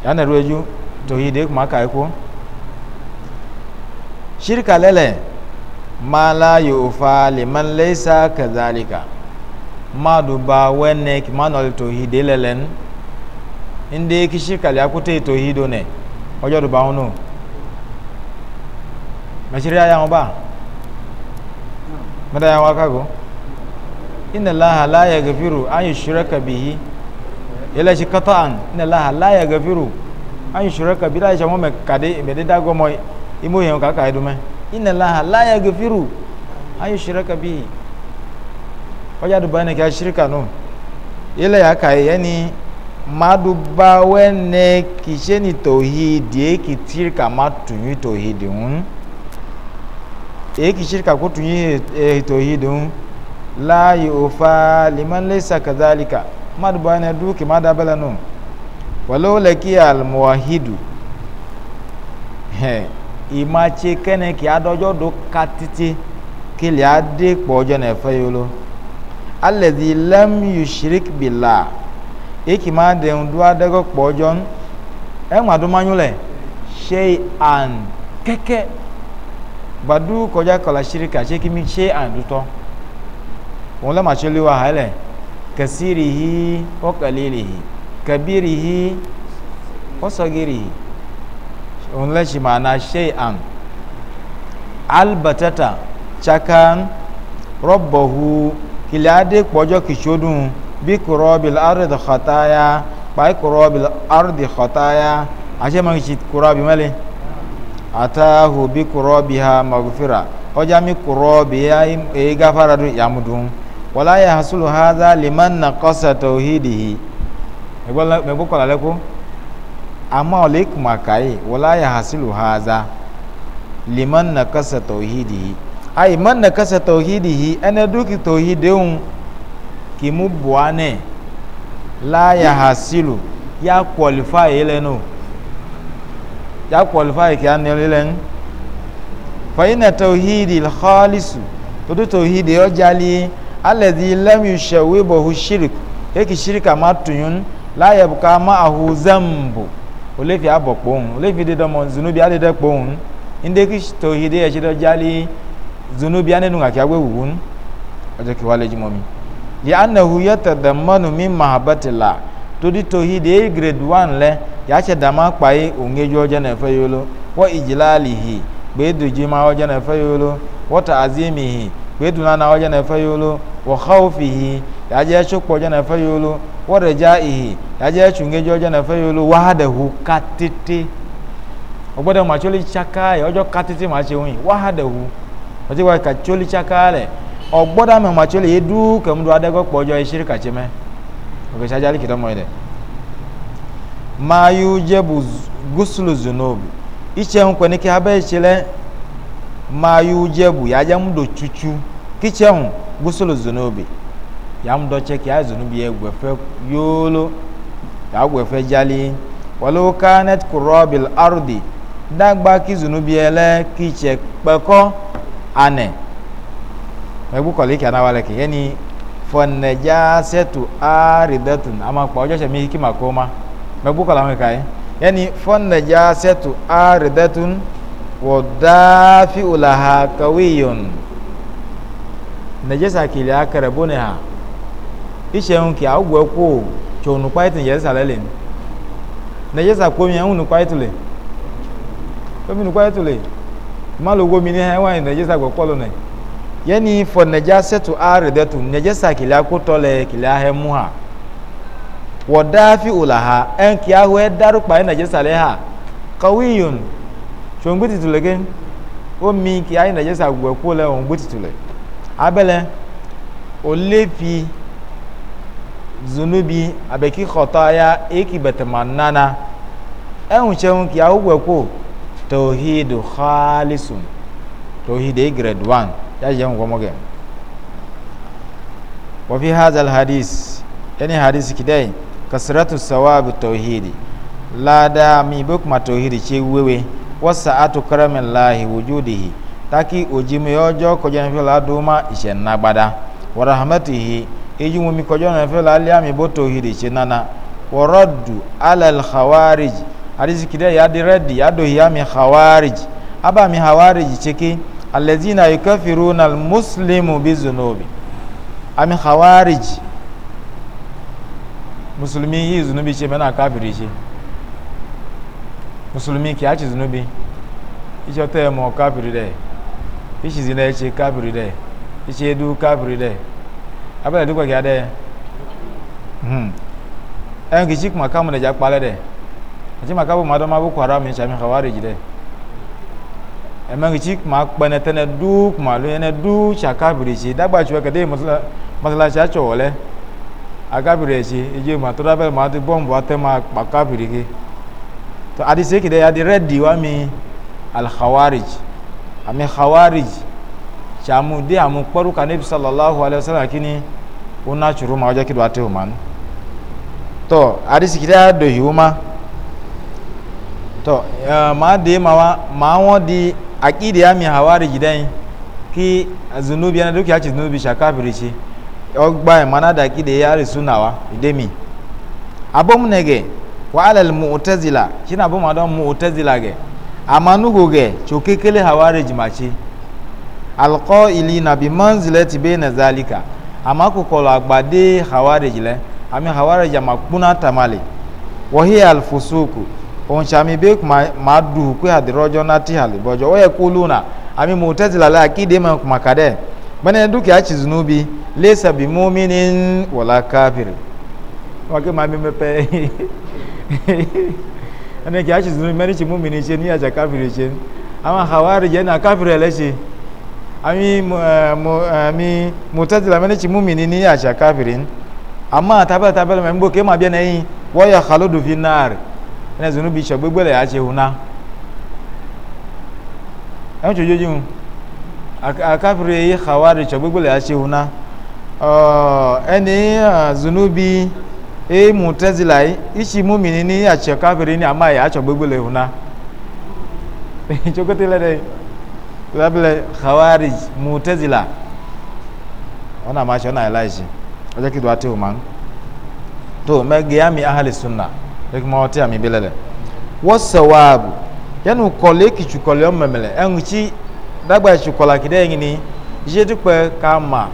A: ya na rueju tohide kuma aka ikwu shirka lele ma la yufa liman laysa kadhalika mmadụ ba wene kimanol tohide lelen ndị kishirka li akwute tohido ne ọjọ́ dùbà ọ̀nù mẹ̀ṣírí ayá wọn bá mẹ́ta ya wọn kágo inna laha la yaghfiru an yushraka bihi yẹlẹ si kata an ne la ha laaya gafiru an shure ka bi da isha mome kade me de dago moy imu hen ka ka idume inna la ha laaya gafiru an shure ka bi ko ya du bana ka shirka no yẹlẹ ya ka yani madu ba wene kisheni tauhidi e kitirka matunyi tauhidi hun eki shirka kutunyi e tauhidi hun la yufa liman laysa kadhalika madu ba ne du ki mada bela no walau laki al muwahidu he imache kene ki adojo do katiti ki li ade pojo ne fayolo alladhi lam yushrik billah iki ma de ndu adego pojo e nwadu manyule shay an keke gbadu kọjá kọlá ṣíríkà ṣé kí mi ṣe àdútọ òun lọ́màṣẹ́ lé wa hàlẹ́ kasirihi wa qalilihi kabirihi wa sagirihi òun lẹ́sìn màánà shay'an albatata chakan rọ́bọ̀hu kìlẹ̀ adé pọ̀jọ́ kìsódùn bí kùrọ́bìl arìdì xọ́táyà pàì kùrọ́bìl arìdì xọ́táyà àṣẹ máa ń ṣe kùrọ́bì mẹ́lẹ̀ àtàhù bí kùrọ́bì ha màgòfìrà ọjà mi ya ẹ̀ gáfárà dùn yàmùdùn wọlá yà hasulu hadha liman na kọsa tawhidihi mẹgbọ́ kọ́lá lẹ́kọ́ àmọ́ ọ̀lẹ́ kùmà káyé wọlá yà hasulu hadha liman na kọsa tawhidihi ayi man na kọsa tawhidihi ẹnẹ dúkì tawhidihun kì mú buwane láyà hasilu yà kọlifáyé lẹ́nu yà kọlifáyé kí á nílẹ̀ lẹ́nu fàyínà tawhidi khalisu tó tó tawhidi ọjà lé alẹ́dí lẹ́mí ṣẹ̀wé bọ̀hu ṣírík èkì ṣírík àmà tùyún láyẹ̀ bùkà má àhù zẹ́mbù oléfi àbọ̀ kpóhùn oléfi dídọ̀ mọ̀ zunubi àdídẹ́ kpóhùn ndékì tòhídé ẹ̀ṣẹ̀ dọ̀ jálí zunubi ànínú àkí àgbẹ̀ wùwún ọjọ́ kí wà lẹ́jì mọ́ mi. yà ànàhù yẹ tẹ̀dẹ̀ mọ́nu mi màhábàtìlà tódì tòhídé grade one lẹ yà á ṣẹ̀ dàmà kpáyé òǹgẹ́jọ ọjọ́ nà ẹ̀fẹ́ yólo wọ́ ìjìlá àlìhì gbẹ́dùjì má ọjọ́ nà ẹ̀fẹ́ yólo wọ́tà àzímìhì kwetu na na oje na efe yolo wa khawfihi ya je chu poje na efe yolo wa rajaihi ya je chu ngeje oje na efe yolo wa hadahu katete ogbodo ma choli chaka e ojo katete ma che yin wa hadahu oje wa ka choli chaka le ogbodo ma ma choli edu ke mu adego pojo e shirika che me oge sajali kitomo ile ma yujebu guslu zunubi iche hun kwenike abe ichele do chuchu kichehun gusulu zunubi yam dɔcɛ kia zunubi yɛ gbɛfɛ yoolo kia gbɛfɛ jali walo kanet kurobil ardi dagba ki zunubi yɛ lɛ kitsɛ kpɛkɔ anɛ mɛgbu kɔli kia na e. wa lɛ kiyɛ ni fɔnɛdza sɛtu aridɛtun ama kpɔ ɔjɔ sɛmi kima ko ma mɛgbu kɔla mi ka yi yɛ ni fɔnɛdza sɛtu aridɛtun wɔ daafi ulaha najasa kele akara bone ha ishe nki agwo ko cho nu kwait ni yesa lele najasa ko mi anu nu kwait le ko mi nu kwait le malo go mi ni ha wa najasa ko kolo ne yani for najasa to aridatu najasa kele akoto le kele ha mu ha wadafi ulaha enki ahu e daru pa e najasa le ha qawiyun chonguti tulegen o mi ki ai najasa gwo ko le on gbutitule abẹ́lẹ̀ o lè fi zunubi abẹ́kí xɔtɔ ya eki bẹ̀tẹ̀mà nana ẹ̀hùn tsẹ̀hùn kì awúgbẹ̀ kó tòhídù xaalisùn tòhídù grade one yá jẹ́ nǹkan mọ́gẹ̀ wọ́fi hazal hadis ẹni hadis kìdẹ́ kasiratu sawabu tòhídì ládàá mi bẹ́ẹ̀ kuma tòhídì tsẹ̀ wéwé wọ́n sàátù kẹrẹ́mi láàyè wòjú dìhì taki ojimi ọjọ kọjá nífẹ la dùn ma ìṣẹ̀ nàgbàdà wọ́n hàmẹ́tì hi eyi wọn mi kọjá nífẹ la lé àmì bó tó hi lè ṣe nana wọ́rọ́ dù alẹ́l hawarij àdìsíkìdẹ́ yàdí rẹ́dì yàdó hi àmì hawarij abàmì hawarij ṣeke alẹ́zínà na mùsùlùmù bí zunubi àmì hawarij mùsùlùmí yìí zunubi ṣe mẹ́nà káfìrí ṣe mùsùlùmí zunubi iṣẹ́ tẹ́ ẹ mọ̀ ishi zina eche kabiri de ishi edu kabiri de abẹ́lẹ̀ dúpọ̀ kí a dẹ́ ẹn kì í síkùn àká mọ̀ nìjà kpalẹ̀ dẹ̀ ẹ̀tí màkà bò màdọ́ máa bó kọ̀ ara mi sàmì kàwárì jì dẹ̀ ẹ̀mẹ́ kì í síkùn àkpẹ́nẹ tẹ́nẹ dú kùmà lóyè ẹnẹ kabiri tsi dàgbà tsi wẹ́kẹ́ dé mọ́tàlásí atsọ̀ akabiri tsi ìdí mà tó dábẹ́lẹ̀ mà ti bọ́ǹbù atẹ́ kpa kabiri ké tó adiseke dẹ̀ adi rẹ́di wàmí alihawari tsi àmì khawarij ṣàmù dé àmú pọ́rúkà níbi sallallahu alayhi wa sallam kíni ó ná ṣòro máa jẹ́ kí ló wá tẹ́ òmà ní. tọ́ àdìsíkì dá dòhì ó má tọ́ máa dé máa wọ́n di àkídì àmì khawarij dẹ́yìn kí zunubi ẹni dúkìá ti zunubi ṣàkàbìrì ṣe ọgbà ẹ̀ máa nádà àkídì àrísùn náà wá ìdẹ́mi. abọ́múnẹ̀gẹ̀ wàhálà mu'tazila ṣí ni abọ́mọdọ́ mu'tazila gẹ̀ amanugoge tso kekele hawarij matsi alukɔ ili nabi manzilɛ ti be nazalika amakokɔlɔ agbade hawarij lɛ ami hawarij jama kuna tamale wɔhi alifosoku ontsami be kuma ma du kpe adirɔjɔ nati halibɔjɔ wɔyɛ kulu na ami mo akide ma kuma ka dɛ mɛnɛ dukia tsi bi lesa bi mumini wɔla kafiri wɔke ma mi mɛ pɛ ene ki ashi zunumi meni chi mumini chi ni aja kafiri chi ama hawari jena kafiri ele chi ami mu ami eh, eh, mutazila meni chi mumini ni aja kafiri ama tabela tabela me mboke ma bien eyin wo ya khaludu fi nar ene zunubi chi gbegbe le ache huna en chojo jiun akafiri eyi hawari chi gbegbe le ache huna ẹni oh, eh, zunubi e mutazila yi ichi mumini ni acho kafiri ni ama ya acho gbogbo lewu na chokote lede labile khawarij mutazila ona ma cho na elaishi oje kidu ate uman to me ge ami ahli sunna lek ma ote ami belele wasawabu yanu kole kichu kole o memele enchi dagba chu kola kide ngini je dupe kama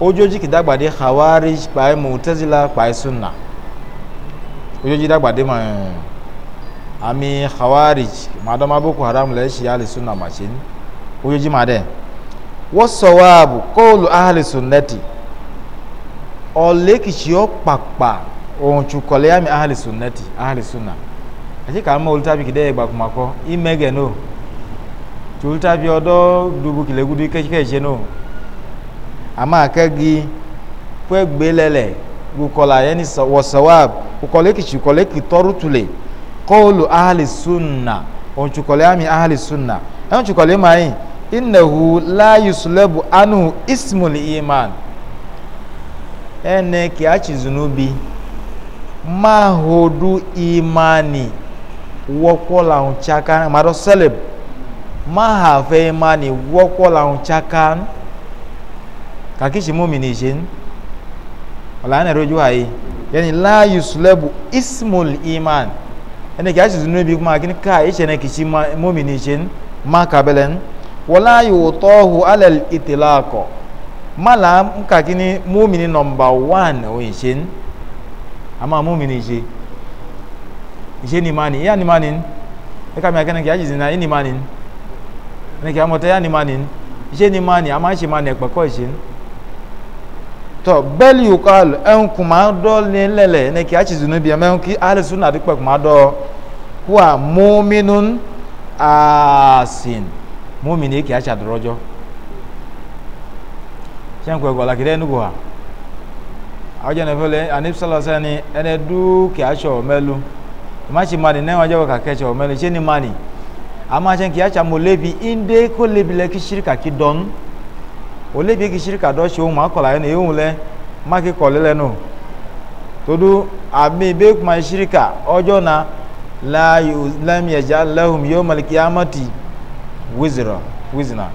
A: ojoji kìdàgbàdé khawarij kpàì mùtẹ́sílà kpàì sunna ojoji dàgbàdé mà ẹ̀ eh, àmì khawarij màdàmà boko haram lẹ́ ṣì àlè sunna mà ṣe ní ojoji mà dẹ̀ wọ́n sọ̀wọ́ àbù kóòlù àlè sunnẹ́tì ọ̀lẹ́kìtì ọ̀pàpà ohun tsukọ̀lẹ́ àmì sunneti sunnẹ́tì àlè sunna àti kàmú olùtàbí kìdẹ́ ìgbàkùmàkọ́ ìmẹ́gẹ̀ náà tòlùtàbí ọdọ́ dùbù kìlẹ̀gùdù kẹ́kẹ́ ìṣe náà. ama kegi kwe gbelele gukola yani wa sawab ukole kichi ukole kitorutule qawlu ahli sunna onchukole ami ahli sunna onchukole mai innahu la yuslabu anu ismul iman ene kiachi zunubi mahodu imani wɔkpɔla ŋu tsaka maɖɔ seleb mahafe imani wɔkpɔla ŋu tsaka nu mu mumini shin wala ana roju hayi yani la yuslabu ismul iman yani kashi zunubi kuma kin ka ishe na mu mumini shin ma kabelen wala yutohu alal itilako mala nka kini mumini number 1 o shin ama mumini shi ishe ni mani ya ni mani e ka mi akene kashi zina ni mani ne ki amote ya ni mani ishe ni mani ama ishe mani ekpeko ishin tɔ bɛli yòókɔ alo ɛnu kuma dɔ lé lɛlɛ ne kì í atsi zunu bia mɛ kì ali sunu adi kpɛ kuma dɔ wa muminu asin mumini kì í atsi adorɔdzɔ tiɛn kò ɛgbɔla kì í dɛ nugu wa awudze ne fɛ lɛ anibisala sani ɛnɛ du kì í ɔmɛlu matsi mani ne wadze wɔ kakɛ tsi ɔmɛlu tsi mani amatsi kì í atsi amolebi inde kò lebi lɛ kì kaki dɔnu. ole bi kishiri ka dɔ seun maa kɔla yɛn ehun lɛ maa ki kɔli lɛ no todo ami be kuma shiri ka ɔjɔ na la yu lam yɛja lɛhum yɔ maliki amati wizira wizina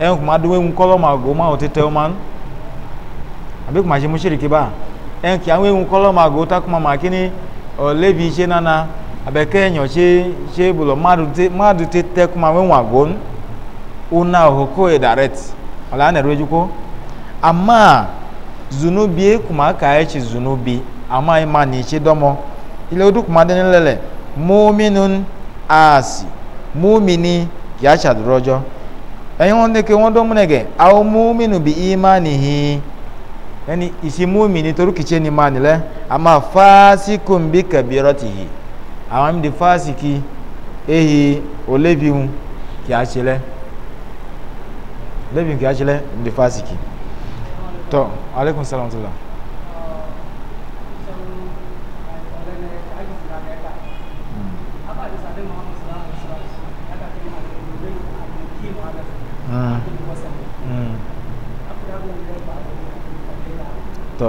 A: ɛn kuma do ehun kɔlɔ ma go ma o ti tɛ o ma abe kuma se mu shiri ki ba ɛn kia ehun kɔlɔ ma go ta kuma ma kini ole bi se nana abɛkɛ nyɔ se se bolo maa do te maa do te tɛ kuma ehun agon una ohoko e direct. wala na ruwe ko amma zunubi kuma aka-echi zunubi amma imani ce domo ile odu kuma den lele mu'minun asi mu'mini ya cha rojo ẹyin wọn ní kí wọn dọ́ múnẹ̀gẹ̀ àwọn múmínú bí ìmánìhì ẹni ìsì múmínì torí kìí ní máa nílẹ̀ àmà fásikùn bí kẹbìrọ̀ tì hì àwọn àmì di fásikì ehi olébiun kìí á ṣe lẹ́bi nkì akyerɛ ndi fasiki tɔ aleykum salaam tula. tɔ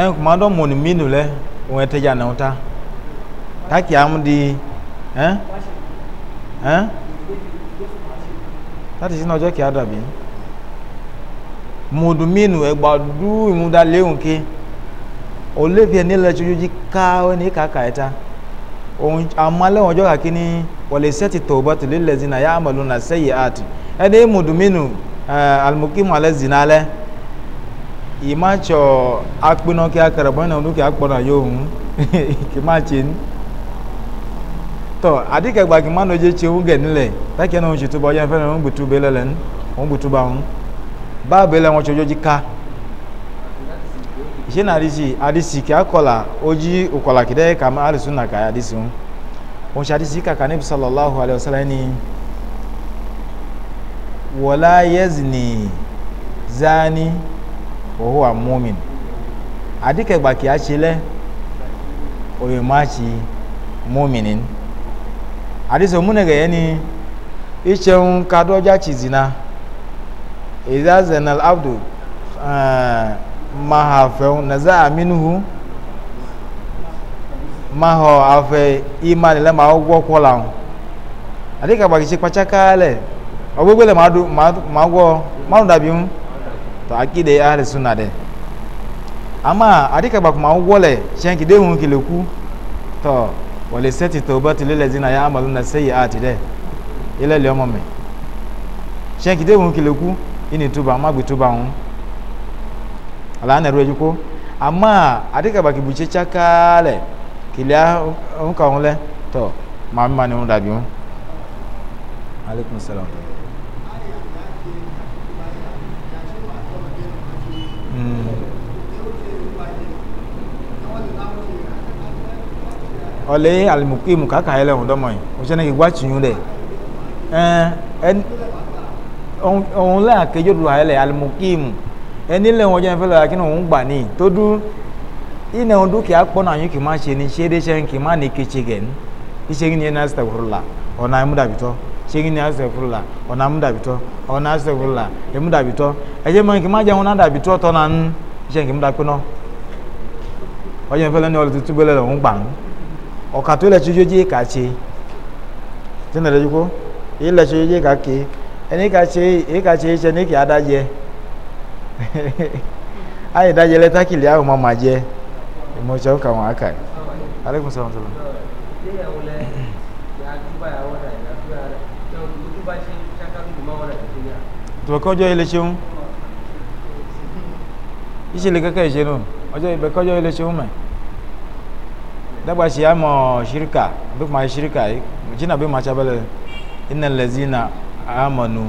A: ɛn kuma dɔ mɔni minnu lɛ wɔn ɛtɛ ta taki amu di ɛn ɛn. láti sínú ọjọ́ kìá dàbí mùdùmínú ẹgbà dú ìmúdá léhùn ké olébi ẹni lẹ́tọ́jú jí ká ẹni kàkà ẹ̀ta òun àmàlẹ́wọ̀n ọjọ́ kàkí ní wọlé sẹ́tì tó bá tòlé lẹ́sìn náà yá àmàlù náà sẹ́yìn àti ẹni mùdùmínú alimukimu alẹ́ zina alẹ́ ìmáàtsọ̀ akpinọ́ kí akẹrẹ̀bọ́n náà ọdún kí akpọ̀ náà yóò ní. tɔ adike gbagi ma no dzetsi wo ge nile pɛkɛ ne wo tubɔ yɛn fɛn wo nu ba ŋu ba be ka ìṣe na adisi adisi kí akɔla odzi okɔla ki ɖe ka adisi ŋu wọn ṣe adisi kaka nebi sallallahu alayhi wa zani lɛ adiso mune ga yani ichen kadoja chizina izazan al-abdu mahafeu na za aminuhu maho afe ma ogwo kwola adika ba kisi pachaka le ogwo le ma du ma ogwo ma du dabi un to akide ahli ama adika ba ma ogwo hun wọ̀lẹ̀ sẹ́tì tó bá ti lélẹ̀ zina ya amọ̀lú na sẹ́yìn àti dẹ́ ilẹ̀lẹ̀ ọmọ mi ṣẹ́ńkì déhùn kìlẹ̀kú ìní túbà ọmọ àgbè túbà ọ̀hún àlànà ẹ̀rọ ẹ̀jú kó àmọ́ àdìgàbàkì bùchẹ́ chákàálẹ̀ kìlẹ̀ ọ̀hún kà ọ̀hún lẹ́ tọ̀ màmí ma ni ọ̀hún dàbí ọ̀hún. aleykum salaam. ọlẹ alimukimu kaka yẹ lẹ ọhún dọmọ yìí ọsẹ na ìwà tìyún dẹ ẹ eh, ẹ ọhún lẹ akẹjọdù ayẹ alimukimu ẹni lẹ wọn jẹun fẹlẹ akínú ọhún gbà ní tó dú ìnà ọhún dúkìá kpọnà àyún kì má ṣe ni ṣéde ṣe má ní gẹn ní ọ̀nà ní ọ̀nà ọ̀nà ẹjẹ mọ má tọ́ ń ọjọ́ gbẹ́lẹ́ ọ̀kàtó lẹ̀ tsojú dzi kà tse tí nà lè dzi kó yìí lẹ̀ tsojú dzi kà ké ẹni kà tse yìí kà tse tse ní kì á da jẹ ayi da jẹ lẹ takili awo ma ma jẹ ìmọ̀tsẹ̀ ọ̀kà wọn aka yi aleykum salaam salaam. tubakɛ ɔjɔ yi le tse ŋu isi le kɛkɛ yi tse nu ɔjɔ yi bɛ kɔjɔ yi dagba shi amo shirka duk ma shirka jina bi ma chabale innal ladzina amanu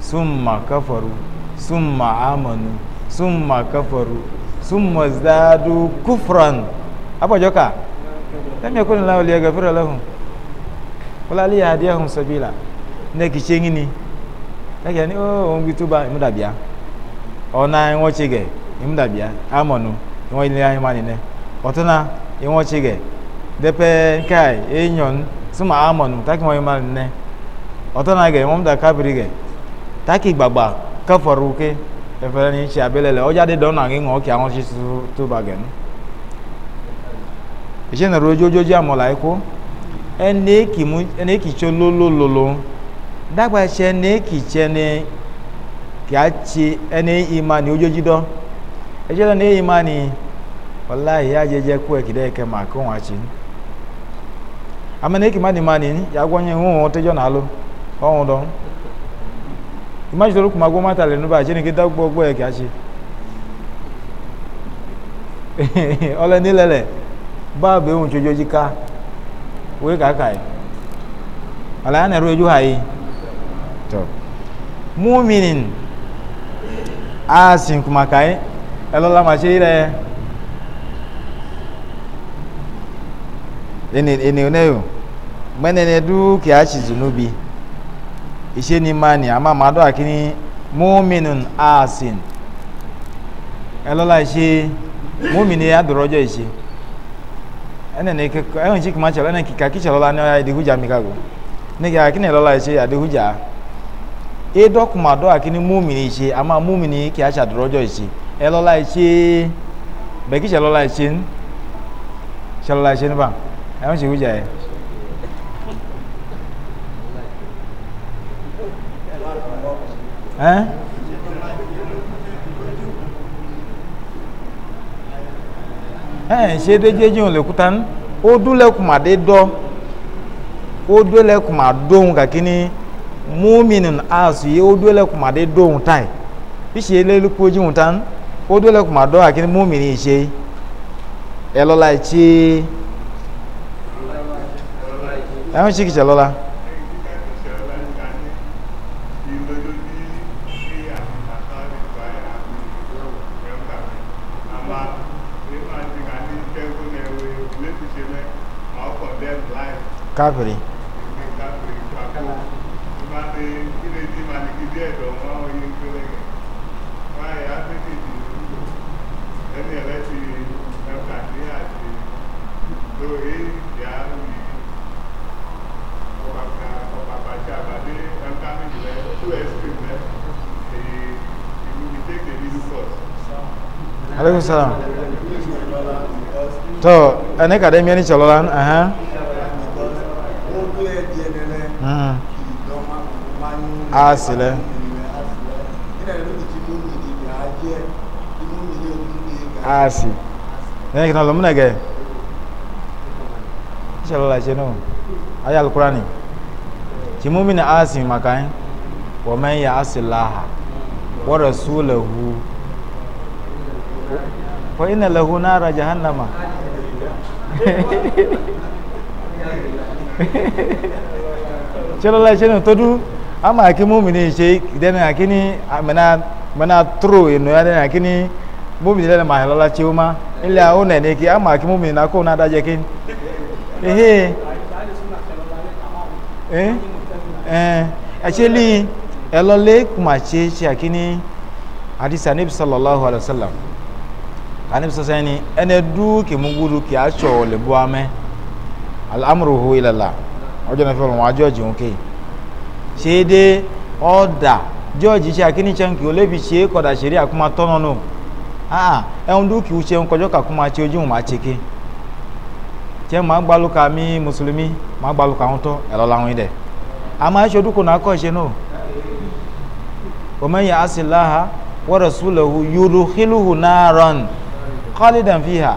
A: summa kafaru summa amanu summa kafaru summa zadu kufran apa joka lam yakun lahu liyaghfira lahum wala liyahdiyahum sabila ne kichengini ẹkẹ ni ooo ohun bi tó bá ìmúdàbíà ọ̀nà ẹ̀wọ̀n ṣe gẹ̀ ìmúdàbíà àmọ̀nù ìwọ̀n ilé ayé máa nìyẹn ọ̀tún náà ịnwọ chi gị depe nke a enyon sima amon taki mo yoma ne ọtọ na gị mọmda kabiri gị taki gbagba kafọrọ uke efere ni chi abelele ọjà dị dọ na gị ṅụọ ka ahụchi tuba gị ìṣe nà rojo ojoji amọ̀là ikú ẹni èkìtsọ lólólòlò dàgbà tsẹ ẹni èkìtsẹ ni ene tsi ẹni ìmà ni ojoji dọ ẹtsẹ lọ ní ìmà ni. wallahi ya jeje kuwe kideke mako wachin amene ikimani mani ya gwanye hu otejo nalo ohun don imaji to kuma go mata le nu ba je ni kida gbo gbo e ki ashi ole ni lele ba be un jojo jika we ka kai e. ala na ru eju e. to mu'minin asin kuma kai elola ma se e ire ene ene oneyo mwenene du kiachi zunubi ishe ni mani ama mado akini muminun asin elola ishe mumini ya dorojo ishe ene ne ke ehun chi kimacho ene kika kicho lola ne ya dihuja mikago ne ga akini elola ishe ya dihuja e dokuma do akini mumini ishe ama mumini kiacha dorojo ishe elola ishe bekicha lola ishe shalola ishe ni ba É o ẹ̀wọ̀n ṣe wújà yẹ. ẹ́ ẹ̀ ṣe déjéjì òun lèkúta ní ó dúnlẹ̀kùnmá dé dọ́ ó dúnlẹ̀kùnmá dóhun kàkíní múmìnì àṣù yìí ó dúnlẹ̀kùnmá dé dóhun táì bí ṣe lélẹ́kùnmá dóhun táì ó dúnlẹ̀kùnmá dọ́ kàkíní múmìnì ìṣe ẹ̀ lọ́la ìṣe ẹ̀hún sí kìsẹ̀ lọ́la. káfíìrì. aleykum salam tɔ ɛne ka dɛ miɛni tsɔlɔ la ɛhɛn. Hmm. asi lɛ. asi ɛnɛ kìnnà lɔ múnɛ gɛ tsɔlɔ la tse no ayi alukura ni tìmú mi ni asi maka yi wɔ mɛ asi la ha wɔ su le hu fa ina lahu nara jahannama cɛlɛla cɛlɛ tɔdu ama akini mumini se dɛnɛ akini mɛna mɛna toro enoya dɛnɛ akini mumini dɛnɛ ma hɛlɛla tsewo ma ilẹ awo nɛni ki ama akini mumini na ko na adadze kin ehe eh ɛtseli eh. ɛlɔle kumatse tse akini hadisa nebi sallallahu alayhi wa sallam anim sasa ni ene du ke muguru ke acho le buame al amru hu ila la na fe olorun ajo ji unke se de order george se akini chanki o lebi se koda seri akuma tono no ah e un du ki u se un kojo ka kuma ti oju ma cheke ma gba luka mi muslimi ma gba luka won to e lo lawun ide a ma se duko na ko se no o man ya asilaha wa rasulahu yudkhiluhu khalidan fiha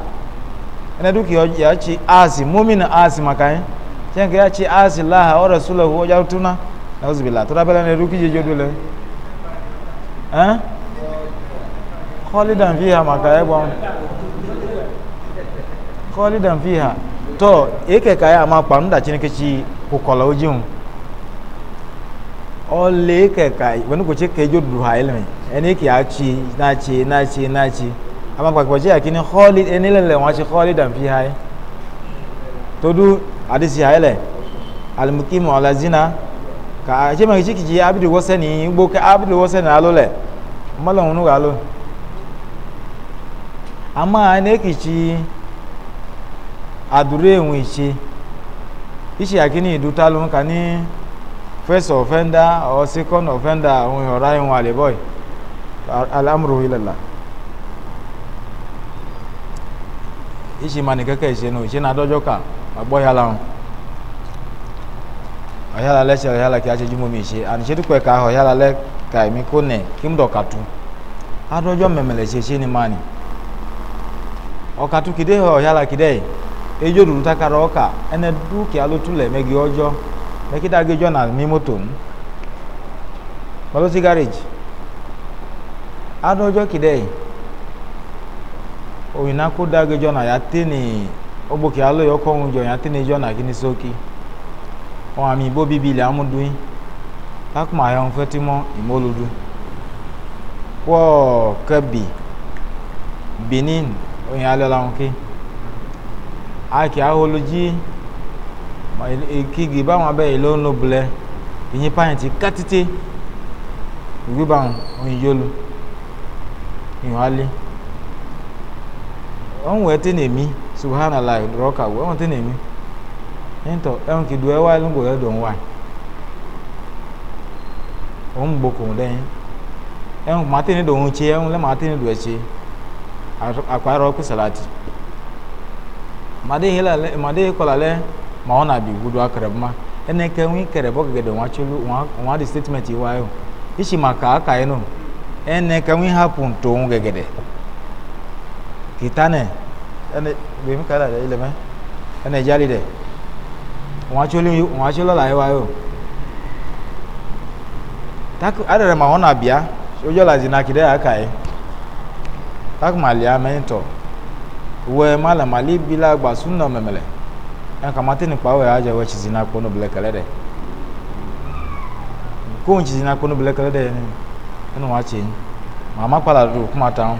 A: ina duki ya ce asi mumin asi makayin tiyan ka ya ce asi laha wa rasulahu wa jartuna na uzu billah to rabala ne duki jejo dole eh khalidan fiha makaye eh, bon khalidan fiha to eke kaya ma panu da chinike chi kokolo ojun ole eke kai wani ko che kejo duha ilmi ene ki ya chi na chi na chi na chi ama kpakpa tse yakini xɔli enile le wɔn atsi xɔli danfi ha yi todu adisi ha yi lɛ alimukimu ɔlazina ka atsi ma kitsi kitsi abidi wɔsɛ ni igbo ke abidi wɔsɛ ni alo lɛ mɔlɔ ŋunu alo ama ne kitsi adure ŋun itsi itsi yakini idutalu kani first offender or second offender ŋun yɔra yi ŋun alebɔ yi alamuru yi lɛ la. ìṣe máa ní kẹ́kẹ́ ìṣe nù ìṣe náà dọ́jọ́ kà àgbọ̀ yàrá wọn ọ̀yàrá lẹ́sẹ̀ ọ̀yàrá kí a ṣe jùmọ̀ mi ṣe àníṣe dúpẹ́ ká ọ̀yàrá lẹ́ ka èmi kó nẹ̀ kí n dọ̀ka tu adọ́jọ́ mẹ̀mẹ̀lẹ̀ ṣe ṣe ni máa nì ọ̀ka tu kìdé ọ̀yàrá kìdé yìí ejò dùdú takara ọ̀ka ẹnẹ dúkìá ló túlẹ̀ mẹ́gi ọjọ́ mẹ́kídà gẹjọ́ nà mí mọ́tò ń pẹ̀lú sí adọ́jọ́ kìdé yìí oyina kó jọ na ya tini ogboke alo yọ kọhun jọ ya tini jọ na kini oke wọn àmì ìbò bíbí ilẹ̀ amúdúyín lákùmọ̀ àyọ̀ ńfẹ́ tí mọ́ ìmọ̀lódú kọ́ benin oyin alẹ́ làwọn a àkè aholojí ìkígi báwọn abẹ́ ìlú ńlọbulẹ̀ katite pààyàn wọn wọ ẹtẹ n'emi subhanallah rọka wọ ẹwọn tẹ n'emi ẹntọ ẹwọn kì í du ẹwà ẹlẹngbọ ẹdọ ń wà wọn mú gbókò dẹyìn ẹwọn màá tẹ ní dòun tse ẹwọn lẹ màá tẹ ní kọlà lẹ màá wọn nàbí akẹrẹ bọ ma ẹnẹ na kẹrẹ bọ gẹgẹdẹ wọn wọn wọn adi statement yìí wáyé o ẹnẹ tó kitane ene be mi kala ile me ene jali de won acholi won acholo la yewa yo tak adere ma ona bia o la zina kide akai tak mali amento we mala mali bila gba sunna memele en kamate ni pawe aja we chizina kono blekele de ko chizina kono blekele de ni enu wa chi mama pala do kuma taun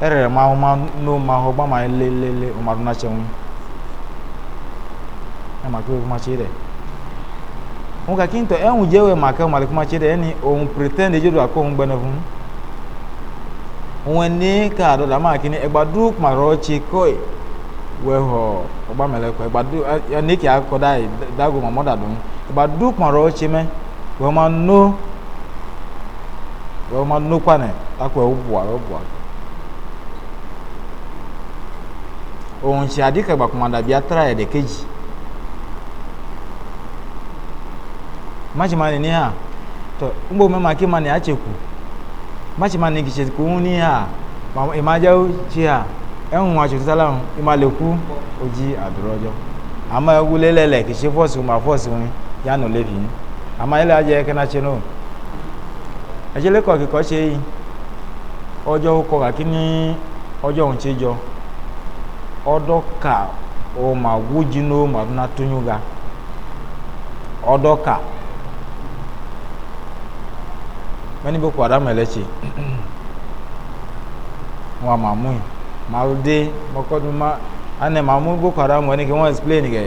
A: le le le erere m ahụma n'ụmụ ahụ gbama lelele ụmarụ nachenwu o nwoke kinto enwu jewe maka umarikumachiire o ohun pretend ejodo akọ ohun gbẹnẹfu òun ní káàdọ̀ dàmà kìíní ẹgbàdú màrọ̀ ọ̀chì kọ́ì wẹ̀họ̀ ọgbàmẹ̀lẹ̀kọ̀ ẹgbàdú ẹnìkì akọ̀dá ìdágò mọ̀mọ́dàdùn ẹgbàdú màrọ̀ ọ̀chì mẹ́ wọ́n máa nó wọ́n máa nó kwanẹ̀ lákọ̀ ẹ̀ ó bùà ó bùà kọ́. òun ṣe àdìkàgbà kùmàdà bíi atara ẹ̀dẹ̀ kejì machimani ní hà tọ ngbọ mẹ́ma kí mani á tseku machimani kì í tseku ń ní hà ìmájáwó tsi hà ẹ̀hún àtúntò sálàmù ìmàlẹ́kù ojì àdúrọ́jọ́ àmọ́ ewúlé lẹ́lẹ̀ kì í ṣe fọ́ọ̀sì wọn fọ́ọ̀sì wọn yánu lẹ́bi àmọ́ ayélujára jẹ́ kẹ́ná tse nù ẹ̀jẹ̀ lẹ́kọ̀ọ́ kíkọ́ tse yìí ọjọ́ kọ̀ kàkí ní ọdọ ka ụma gwuji n'ụma na tụnyụga ọdọ ka mẹni bó kwara mẹlẹtsi wọn ma mú màá dé mọkọdún má anẹ màá mú bó kwara ma ẹni kí wọn explain kẹ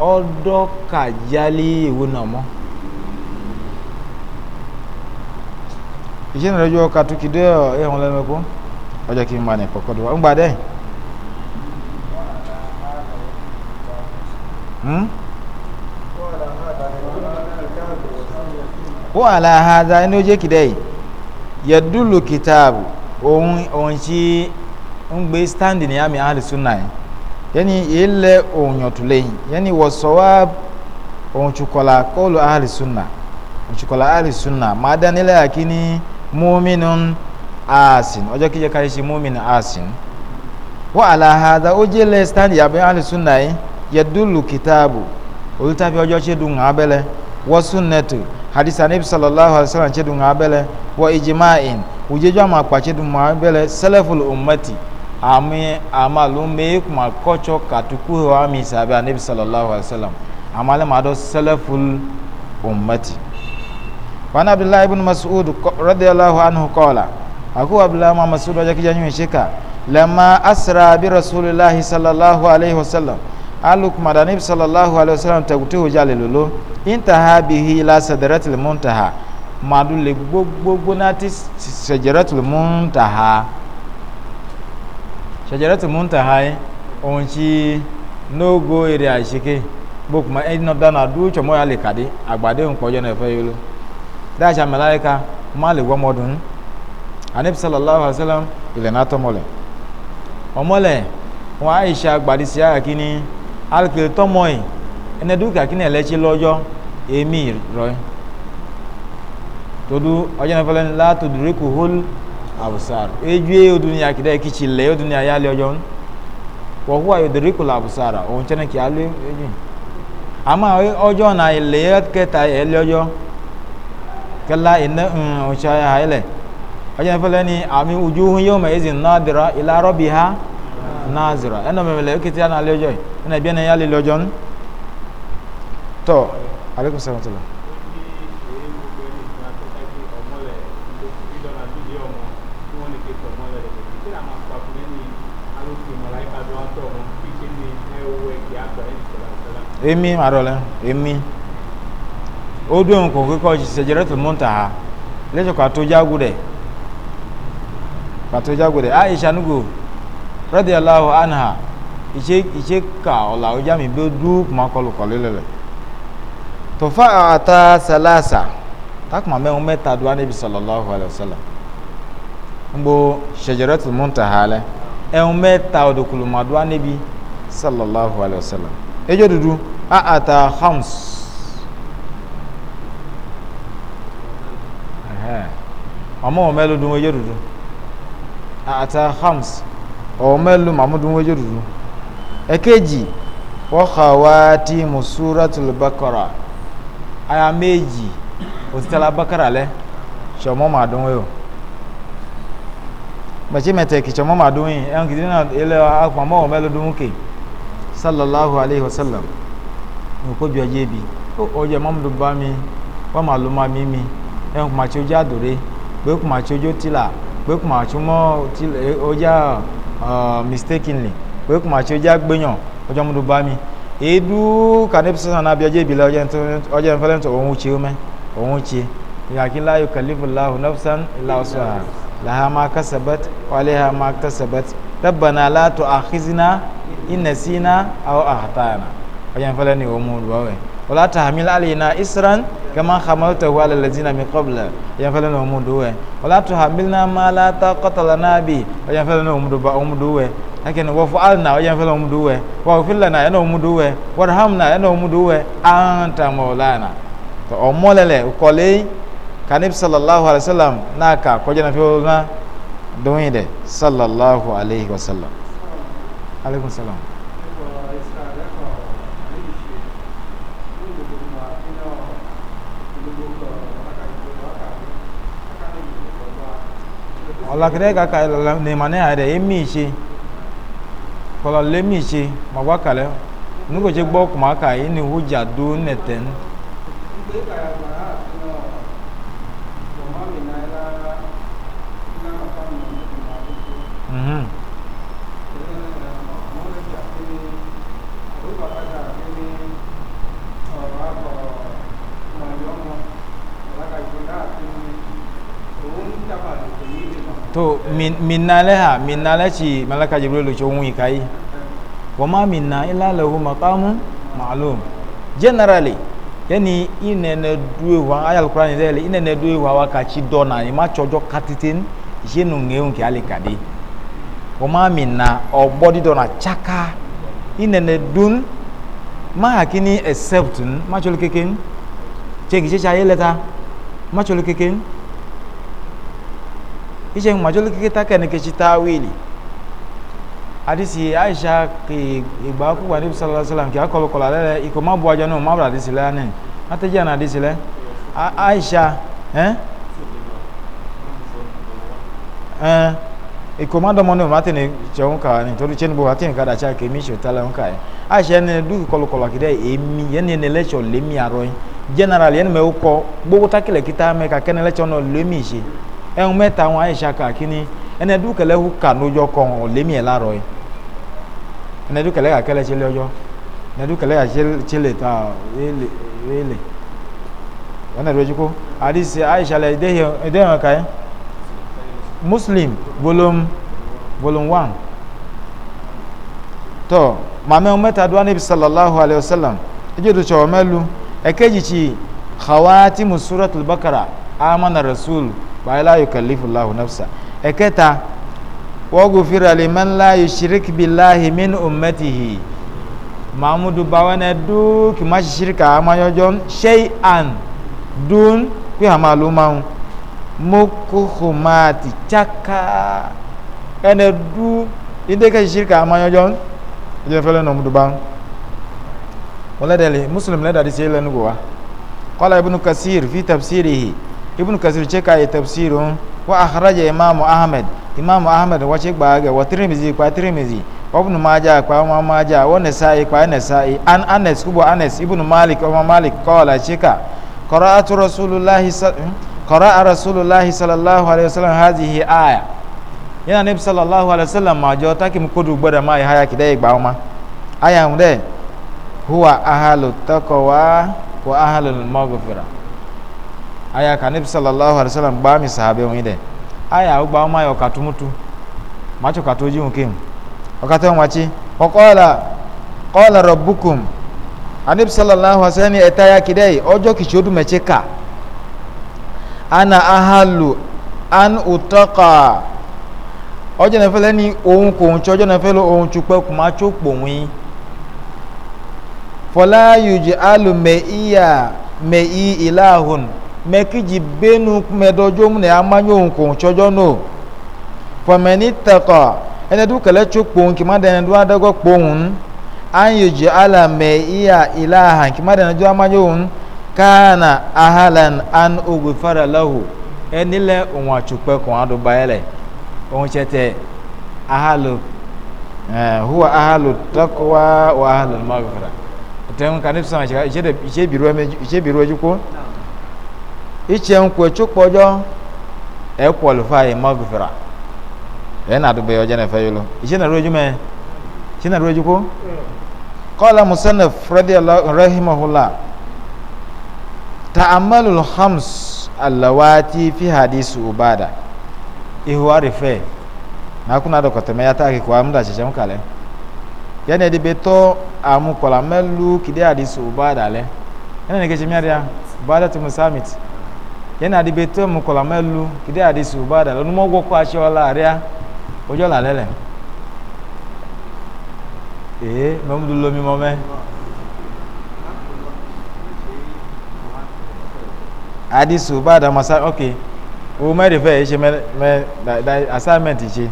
A: ọdọ ka yálé ìwé náà mọ. ìṣe ìrìnàjò ọkà tó kì í dé ẹ̀ ẹ̀ ń lẹ́nu ẹ̀kọ́ ma ó àlà àhàdà ní ó jẹ́ kìdẹ́ yìí yẹ̀dúlù kìtàbù ohun ohun tí ń gbé stand ní àmì àlùsùnà yìí yẹ́nì ilẹ̀ ohun yọ̀tùlẹ́yìn yẹ́nì wọ̀sọ̀wá ohun tukọ̀la kọ́ọ̀lù àlùsùnà òṣùkọ̀lá àlùsùnà máa dánilẹ̀ àkíní múmínú ààsìn ọjọ́ kíjọ káyé ṣe múmínú ààsìn wọ́n àlà àhàdà ó jẹ́ lẹ́ stand yàbẹ́ àlùsùnà yìí yadulu kitaabu olùtàfi ọjọ́ ṣe dùn ŋà abẹ́lẹ́ wọ́n sunnẹ́tù hadisa anabi sallallahu alayhi wa sallam ṣe dùn ŋà abẹ́lẹ́ wọ́n ìjìmáìn òjijì àmà àpà ṣe dùn ŋà abẹ́lẹ́ sẹ́lẹ̀fùlù ọ̀mọ́tì àmì àmàlù mẹ́ẹ̀kùmà kọ́tsọ́ kàtúkù àmì sàbẹ̀ anabi sallallahu alayhi wa sallam àmàlẹ́ màdọ́ sẹ́lẹ̀fùlù ọ̀mọ́tì. wọn abdullahi ibn masoud radiyallahu anhu kọ́ọ̀la àkúwà abdullahi masoud ọjọ́ kíjọ́ nyúwìn ṣe asra bí rasulillahi sallallahu alayhi wa sallam alukumada nabi sallallahu alayhi wa sallam tẹkutu hujjali lolo intaha bihi la sadaratul muntaha madu le gbogbogbò nati sadaratul muntaha sadaratul muntaha yi ohun ti n'ogo ere asike gbogbo ẹni náà dáná dúró tsọmọ ya lè kàdé àgbàdo nkpọjọ náà fẹ yọlọ dáhàtsá mẹláyìíká má lè wọ ọmọdún anabi sallallahu alayhi wa sallam ìlànà tọmọlẹ ọmọlẹ wọn àyíṣà gbàdísí àyàkíní alùpùpù tọmọ yìí ẹnẹ dúkìá kí ni ẹlẹ́tsi lọ́jọ́ èmi rọ todu ọjọ́ náà fọlẹ́ni látò dúró kò hol àbùsàr edu yẹ odun yà kìdá kìtsi lẹ odun yà yálẹ ọjọ́ wọ́n hu ayọ̀ dúró kò làbùsàr òun tsẹ́ni kì í alẹ́ edu àmọ́ ọjọ́ náà lẹ́ kẹta yẹ lẹ́ ọjọ́ kẹla iná ọ̀hún ọ̀hún ṣayà ayẹlẹ̀ ọjọ́ náà fọlẹ́ni àmì ojú yóò mẹ́ ẹ̀zìn náà dìrọ̀ ìlà rọ́bì ha nazira ɛnɔ mɛmɛlɛ ekiti ana alɛ ɔjɔ yi ɛnɛ bi ɛnɛ yalɛ ɔjɔ nu tɔ alekun sɛwọn tɛ la. emi marɔlɛ emi o do nkɔ kekɔ sɛdzɛrɛ tó mɔnta ha lɛtsɛ kɔ ato dzago dɛ kɔ ato dzago dɛ ayisa nugo. radiyallahu anha iṣẹ́ ka ọla ọjà mi bí ó kuma kọlu kọlu lẹlẹ tọfa ata salasa takuma mẹ́wọ́n mẹ́ta do anabi sallallahu alayhi wa sallam nbo shajaratul muntaha lẹ ẹ̀wọ́n mẹ́ta ọ̀dọ̀kuluma do anabi sallallahu alayhi wa sallam dudu a a ata hams. ọmọlú mahmud wejoruru ẹ̀kejì wọ́kàwátì musuratul bakara aya méjì òtítàlá bakara lẹ sọmọ máa dún wẹ́yọ gbẹ̀tsí mẹ́tẹ̀kì sọmọ máa dún yìí ẹ̀hún kìdí náà ilẹ̀ akpọ̀mọ́ ọmọlú dún kè sallallahu alayhi wa sallam nkobi ọjọ́ ebi ọjọ́ mahmud bá mi wọ́n máa lọ́ máa mí mi ẹ̀hún kùmàtí ojú àdòrè pé kùmàtí ojú tìlà pé kùmàtí mọ́ ojú àdòrè uh, mistakenly pé kò máa ṣe jẹ́ àgbéyàn ọjọ́ múdu bá mi èédú kànífìsàn náà bí ọjọ́ ìbílẹ̀ ọjọ́ ìfẹ́lẹ́ntì òun ṣe mẹ́ òun ṣe ìyàkínlá yóò kàlífù láhù nọ́fṣán ìlàọ̀ṣọ́ làhámà kásábẹ́t wàléhàmà kásábẹ́t dábànà látọ̀ àkísínà ìnẹ̀sínà àwọn àhàtà ọjọ́ ìfẹ́lẹ́ni òun mú lọ́wẹ́ ọlátàhámílá àlè náà ìsirán kama hamaltahu ala lazina min qabla yanfalana umuduwe wala tuhamilna ma la taqata lana bi yanfalana umuduba umuduwe lakin wa fa'alna yanfalana umuduwe wa ghfir lana yana umuduwe warhamna yana umuduwe anta maulana to omolele ukole kanib sallallahu alaihi wasallam naka koja na fiona doide sallallahu alaihi wasallam alaikum salam alakere kaka nemane ayɛrɛ emi tse kɔlɔ lemi tse magba kalɛ nugotse gbɔ kuma ka yi ni hudza do nɛtɛn. minna leha minna lechi malaka jibrilu cho nwi kai wa ma minna illa lahu maqamun ma'lum generally yani inene duwe wa ayal qur'an ile inene duwe wa wakachi dona ni ma chojo katitin jenu ngeun ki ale kade wa ma minna obodi dona chaka inene dun ma hakini except ma chol keken chegi checha yeleta ma chulu keken kishe majoli kikita kene kichi tawili hadisi aisha ki igba ku wa nabi sallallahu alaihi wasallam ki akolo kola lele iko ma buaja no ma hadisi le anen le aisha eh eh iko ma do mo no mate ne cheun ka ni toru chen aisha ne du kolo kola emi ye ne lecture le mi aro general takile kita me ka kene no le ẹ̀hún mẹ́ta wọn àyíṣà kàkíní ẹni ẹdún kẹlẹ́ hù kà lójọ kàn ọ̀ lémi ẹ̀ láàrọ̀ yìí ẹni ẹdún kẹlẹ́ kàkẹ́lẹ́ ṣe lọ́jọ́ ẹni ẹdún kẹlẹ́ ta ẹ̀ẹ́lẹ̀ wọn ẹ̀dún ẹ̀jú àdìsí àyíṣà lẹ̀ ẹ̀dẹ́hìn ọ̀kà yẹn muslim volume volume one tọ́ màmẹ́ mẹ́ta dúwà níbi sallallahu alayhi wa sallam ẹjọ́ tó ṣọ̀wọ́ mẹ́lu ẹ̀kẹ́jì ti khawatimu suratul bakara amana rasul bàyìlá yukallifu lahu nafsa ẹ̀kẹta wọ́gù firali mẹ́nla yushrik bilahi min ummetihi mahamudu bawana dúkì má ṣe ṣirika amáyọjọ ṣẹ́yì àn dún pé àmàlú máa ń mokohomati tsaka ẹnẹ dú ìdẹ́kẹ́ ṣirika amáyọjọ ẹjẹ fẹlẹ́ nà ọmọdé bá ń wọ́n mùsùlùmí lẹ́dàá sí ẹlẹ́nu gò wá ibùnú kasir fi tafsirihi ibn kasir ce ka yi tafsirin wa akhraja imamu ahmed imamu ahmed wace gba ga wa tirmizi kwa tirmizi wa ibn maja kwa ma maja wa nasa'i kwa nasa'i an anas kubo anas ibn malik wa malik qala ce ka qara'atu rasulullahi hmm? qara'a rasulullahi sallallahu alaihi wasallam hadhihi aya yana nabi sallallahu alaihi wasallam ma jo takim kudu gbada mai haya kidai gba ma aya hunde huwa ahalu taqwa wa ahalul maghfirah aya ka nabi sallallahu alaihi wasallam gba mi sahabe won ide aya o gba o ma yo katumutu macho katoji won kem o ka tan wachi o qala qala rabbukum anabi sallallahu alaihi wasallam etaya kidai ojo kichodu mecheka ana ahalu an utaqa ojo náà fẹ́lẹ́ ní ohun kò ń tí ọjọ́ náà fẹ́lẹ́ ohun tí pẹ́ kò máa tó pò wín fọlá yòjì alùmẹ̀ ìyà mɛkidzi benu mɛdɔdzo mu nɛ amanyo ŋkò tsɔdzɔ no pɔmɛni tɛkɔ ɛnɛdu kɛlɛ tso kpoŋ kìma dɛ ɛnɛdu aɖe gbɔ kpoŋ ŋu anyedze ala mɛ iya ilaha kìma dɛ ɛnɛdu amanyo ŋu kaana ahalan an ogbe fara lahu ɛni lɛ ohun atsukpɛ kɔn aɖo ba yɛ lɛ tsɛ tɛ ahalo ɛɛ eh, huwa ahalo tɔkwa wa wa ahalo magfara tɛn kanifisɛn ɛtsɛ ɛtsɛ biiru ɛmɛ ɛtsɛ biiru ɛdzi ko iche nkwe chukpojo e qualify magvira e na dube yo jene fayulo iche na roju me iche na roju ko qala musannaf radiyallahu rahimahullah ta'amalul khams allawati fi hadis ubada ihuwa rife na kuna da kwatame ya taki kwa amda cece mukale yana da beto amu kolamelu kide hadisi ubada le yana ne ke jami'ar ya ubada tu musamit yana di beto mu kola melu kidi adi su bada lo numo gwo ko ashola aria ojo la lele eh mamdu lo mi mome adi su bada masa okay o me de fe se me me da, da assignment se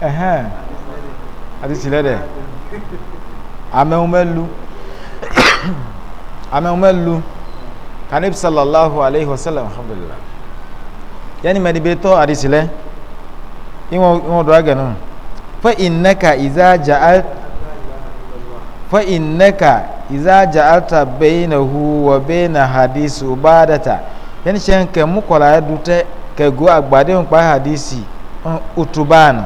A: eh eh adi silede ame umelu ame melu kanib sallallahu alayhi wa sallam alhamdulilah yanni mɛ dibe tɔ adisi lɛ iwɔ iwɔ do agɛ nɔn fɔ inaka iza jaal fɔ inaka iza jaalta bɛyina hu wa bɛyina hadisi o baa data yanni sɛn kɛ mukɔla du tɛ kɛ go agbadenw kpa hadisi ɔn utubaani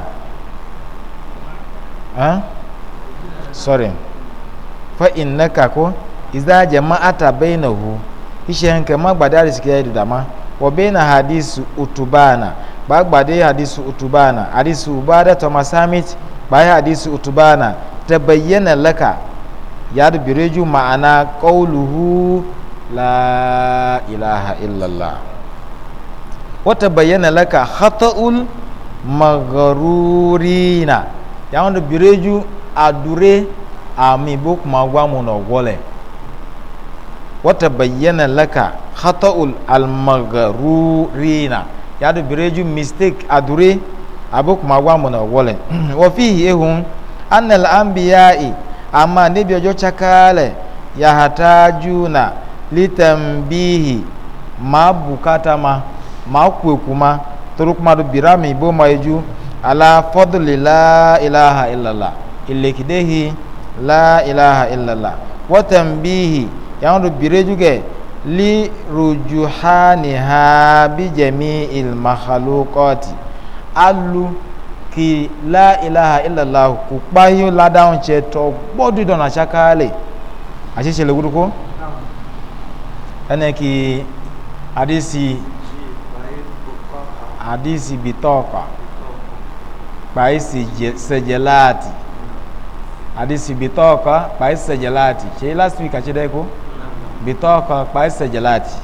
A: hɛn sɔri fɔ inaka iza jama'ata bainahu ishen kama gbadari sike dudama wa baina hadisu utubana ba gbade hadisu utubana hadisu ubada to masamit ba hadisu utubana tabayyana laka ya dubireju ma'ana qawluhu la ilaha illallah wa tabayyana laka khata'ul magharurina ya dubireju adure ami bokuma gwamu no gwole wata bayyana laka khata'ul almagarurina yadu bireju mistake adure abu kuma wa muna wole wa fihi ihun annal anbiya'i amma nabi ojo chakale ya hatajuna litambihi ma bukata ma ma kwekuma turu kuma du birami bo ma eju ala fadli la ilaha illallah ilekidehi la ilaha illallah wa tambihi yawon do bireju ge li rujuhaniha bi jami ilmakhalukoti alu ki la ilaha illallah ku kpayo ladahun ce to gbodu dona shakale a ṣe ṣe lewuru ko ẹnẹ ki adisi adisi bitọpa kpaisi sejelaati adisi bitọpa kpaisi sejelaati ṣe last week a ṣe bitoka kwa sajalati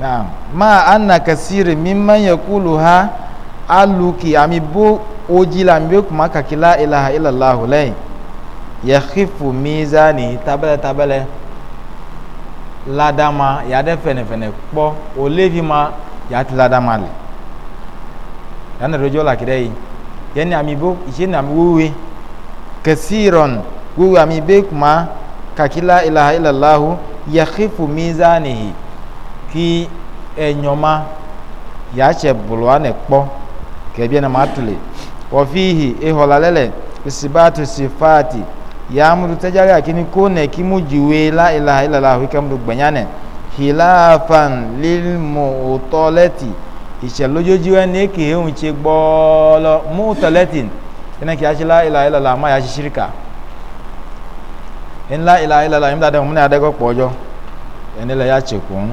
A: naam ma ana anna kasiri mimman yakuluha aluki amibu ojila mbe kuma kakila ilaha illallah lai yakhifu mizani tabale tabale ladama yade fene fene kpɔ olevi ma yati ladama li yana rojo la kide yi yeni amibo yeni ami wewe kasiron wewe amibe kuma kakila ilaha illallahu yakifu mizanihi ki enyoma yatsɛ bulua ne kpɔ kɛbiɛ ne ma tole wɔfihi ehɔla lɛlɛ isibatu sifaati yamudu tɛdzali akini ko ne kimu dziwe la ilaha illallahu ikamudu gbɛnya hilafan lilmu tɔlɛti ìṣẹ̀lójójú ẹni kìí ń ṣe gbọ́ọ́lọ́ mú tọ́lẹ́tì ẹni kìí ṣe la ilaha illallahu ama yà ṣe ṣíríkà ńlá ìlà ìlà ìlà ìmúdàdé òmùnà adẹ́gọ́pọ̀ ọjọ́ ẹnilẹ̀ yà chèkùn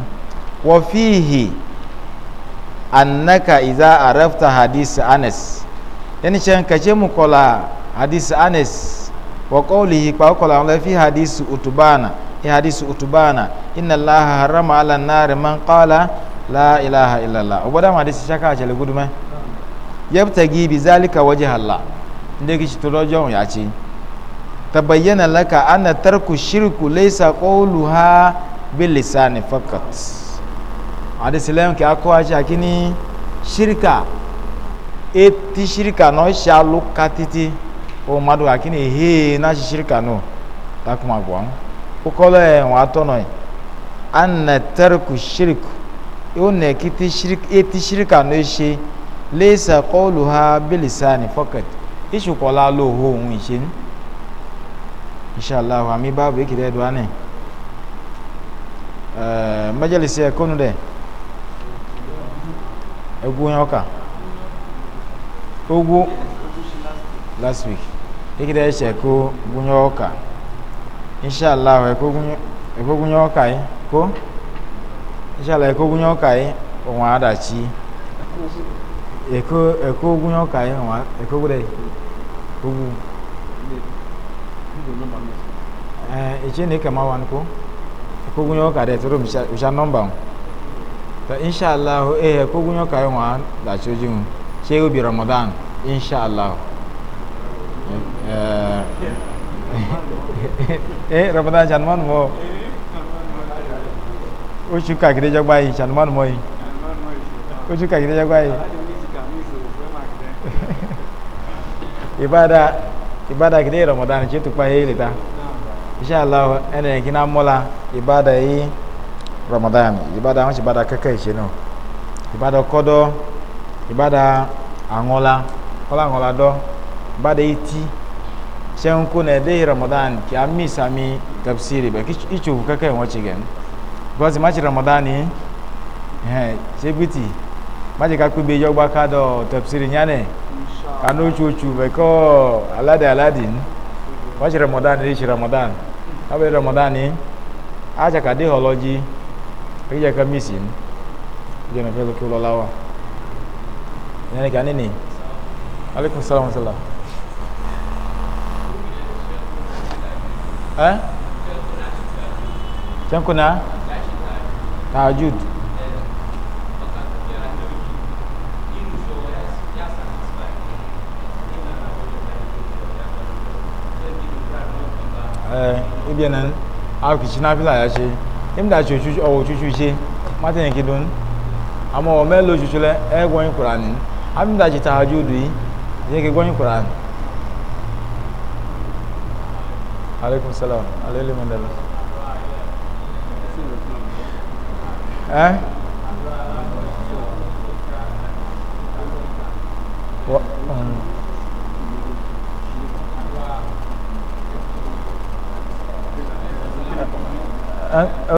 A: wọ́n fíhì anaka ìzá àrẹ́fta hadith anes ẹni kyẹn kẹ̀kẹ́ mu kọ́la hadith anes wọ́kọ́ wòle yìí kpa kọ́la wọn lẹ́ fi hadith utubana ẹ hadith utubana iná láha harama ala nàárẹ̀ man kọ́la láha ìlàha ìlàlá ọgbọ́dọ̀ àwọn hadith ṣaka àjẹlẹ̀ gudumẹ́ yẹ́pùtàgì ibi zálìkà wọ́jẹ̀ hàlá ndé kìí tó lọ́jọ́ òun yà á kye tabayyana laka ana tarku shirku laysa qawluha bil lisani faqat hadisi lẹ́yìn kí a kọ́ aṣa kí shirka eti shirka náà ṣe aluka o madu kí ni hee náà ṣe shirka náà takuma gbọ́n ó kọ́lọ́ ẹ̀ wọ́n atọ́nà ana tarku shirku ó nà kí eti shirka náà ṣe laysa qawluha bil lisani faqat ìṣùkọ́lá ló hó ohun ìṣe ni inshallah ami babu yake da duwa ne eh, majalisi ya kunu da egwu onye ọka ogwu last week yake da ya ce ko gunye ọka inshallah ẹ̀kọ́ gunye ọka yìí ko inshallah ẹ̀kọ́ gunye ọka yìí òun àdàchi ẹ̀kọ́ gunye ọka yìí òun àkọ́gbọ́dẹ̀ ogwu eh ichi ne kama wan ko ko gunyo ka de toro misha number to inshallah eh ko gunyo ka yon wan da choji un che obi ramadan inshallah eh eh ramadan janman mo oṣù kàkiri jọgbà yìí ṣàlùmọ́nù mọ́ yìí
B: oṣù kàkiri jọgbà yìí
A: ìbáda ibada kide ramadan ce tukpa yi lita insha Allah ene kina mola ibada yi ramadan ibada wọn ibada kẹkẹ ìṣe náà ibada kọdọ ibada àngọla kọlá àngọla dọ ibada eti ṣẹun kó na ẹdẹ ramadan kí a mí sami tafsiri bẹ ìtsofu kẹkẹ wọn ti gẹn because má ti ramadan yìí ṣe gbìtì má ti ká pé bẹ yọgbà ká dọ tafsiri nyánẹ kanu ochu ochu beko alade aladin wachi ramadan richi ramadan abe ramadan aja ka de holoji rija ka misin je na pelo kulo lawa yani ka nini alaikum salam sala eh chankuna tahajud ibi nan a kici na fila ya ce im da ce o cucu ce mata yanki don amma o melo cucu le e gwani kurani abin da ce ta hajju duyi ya ke gwani kurani alaikum salam alaikum mandala eh wa um, Uh,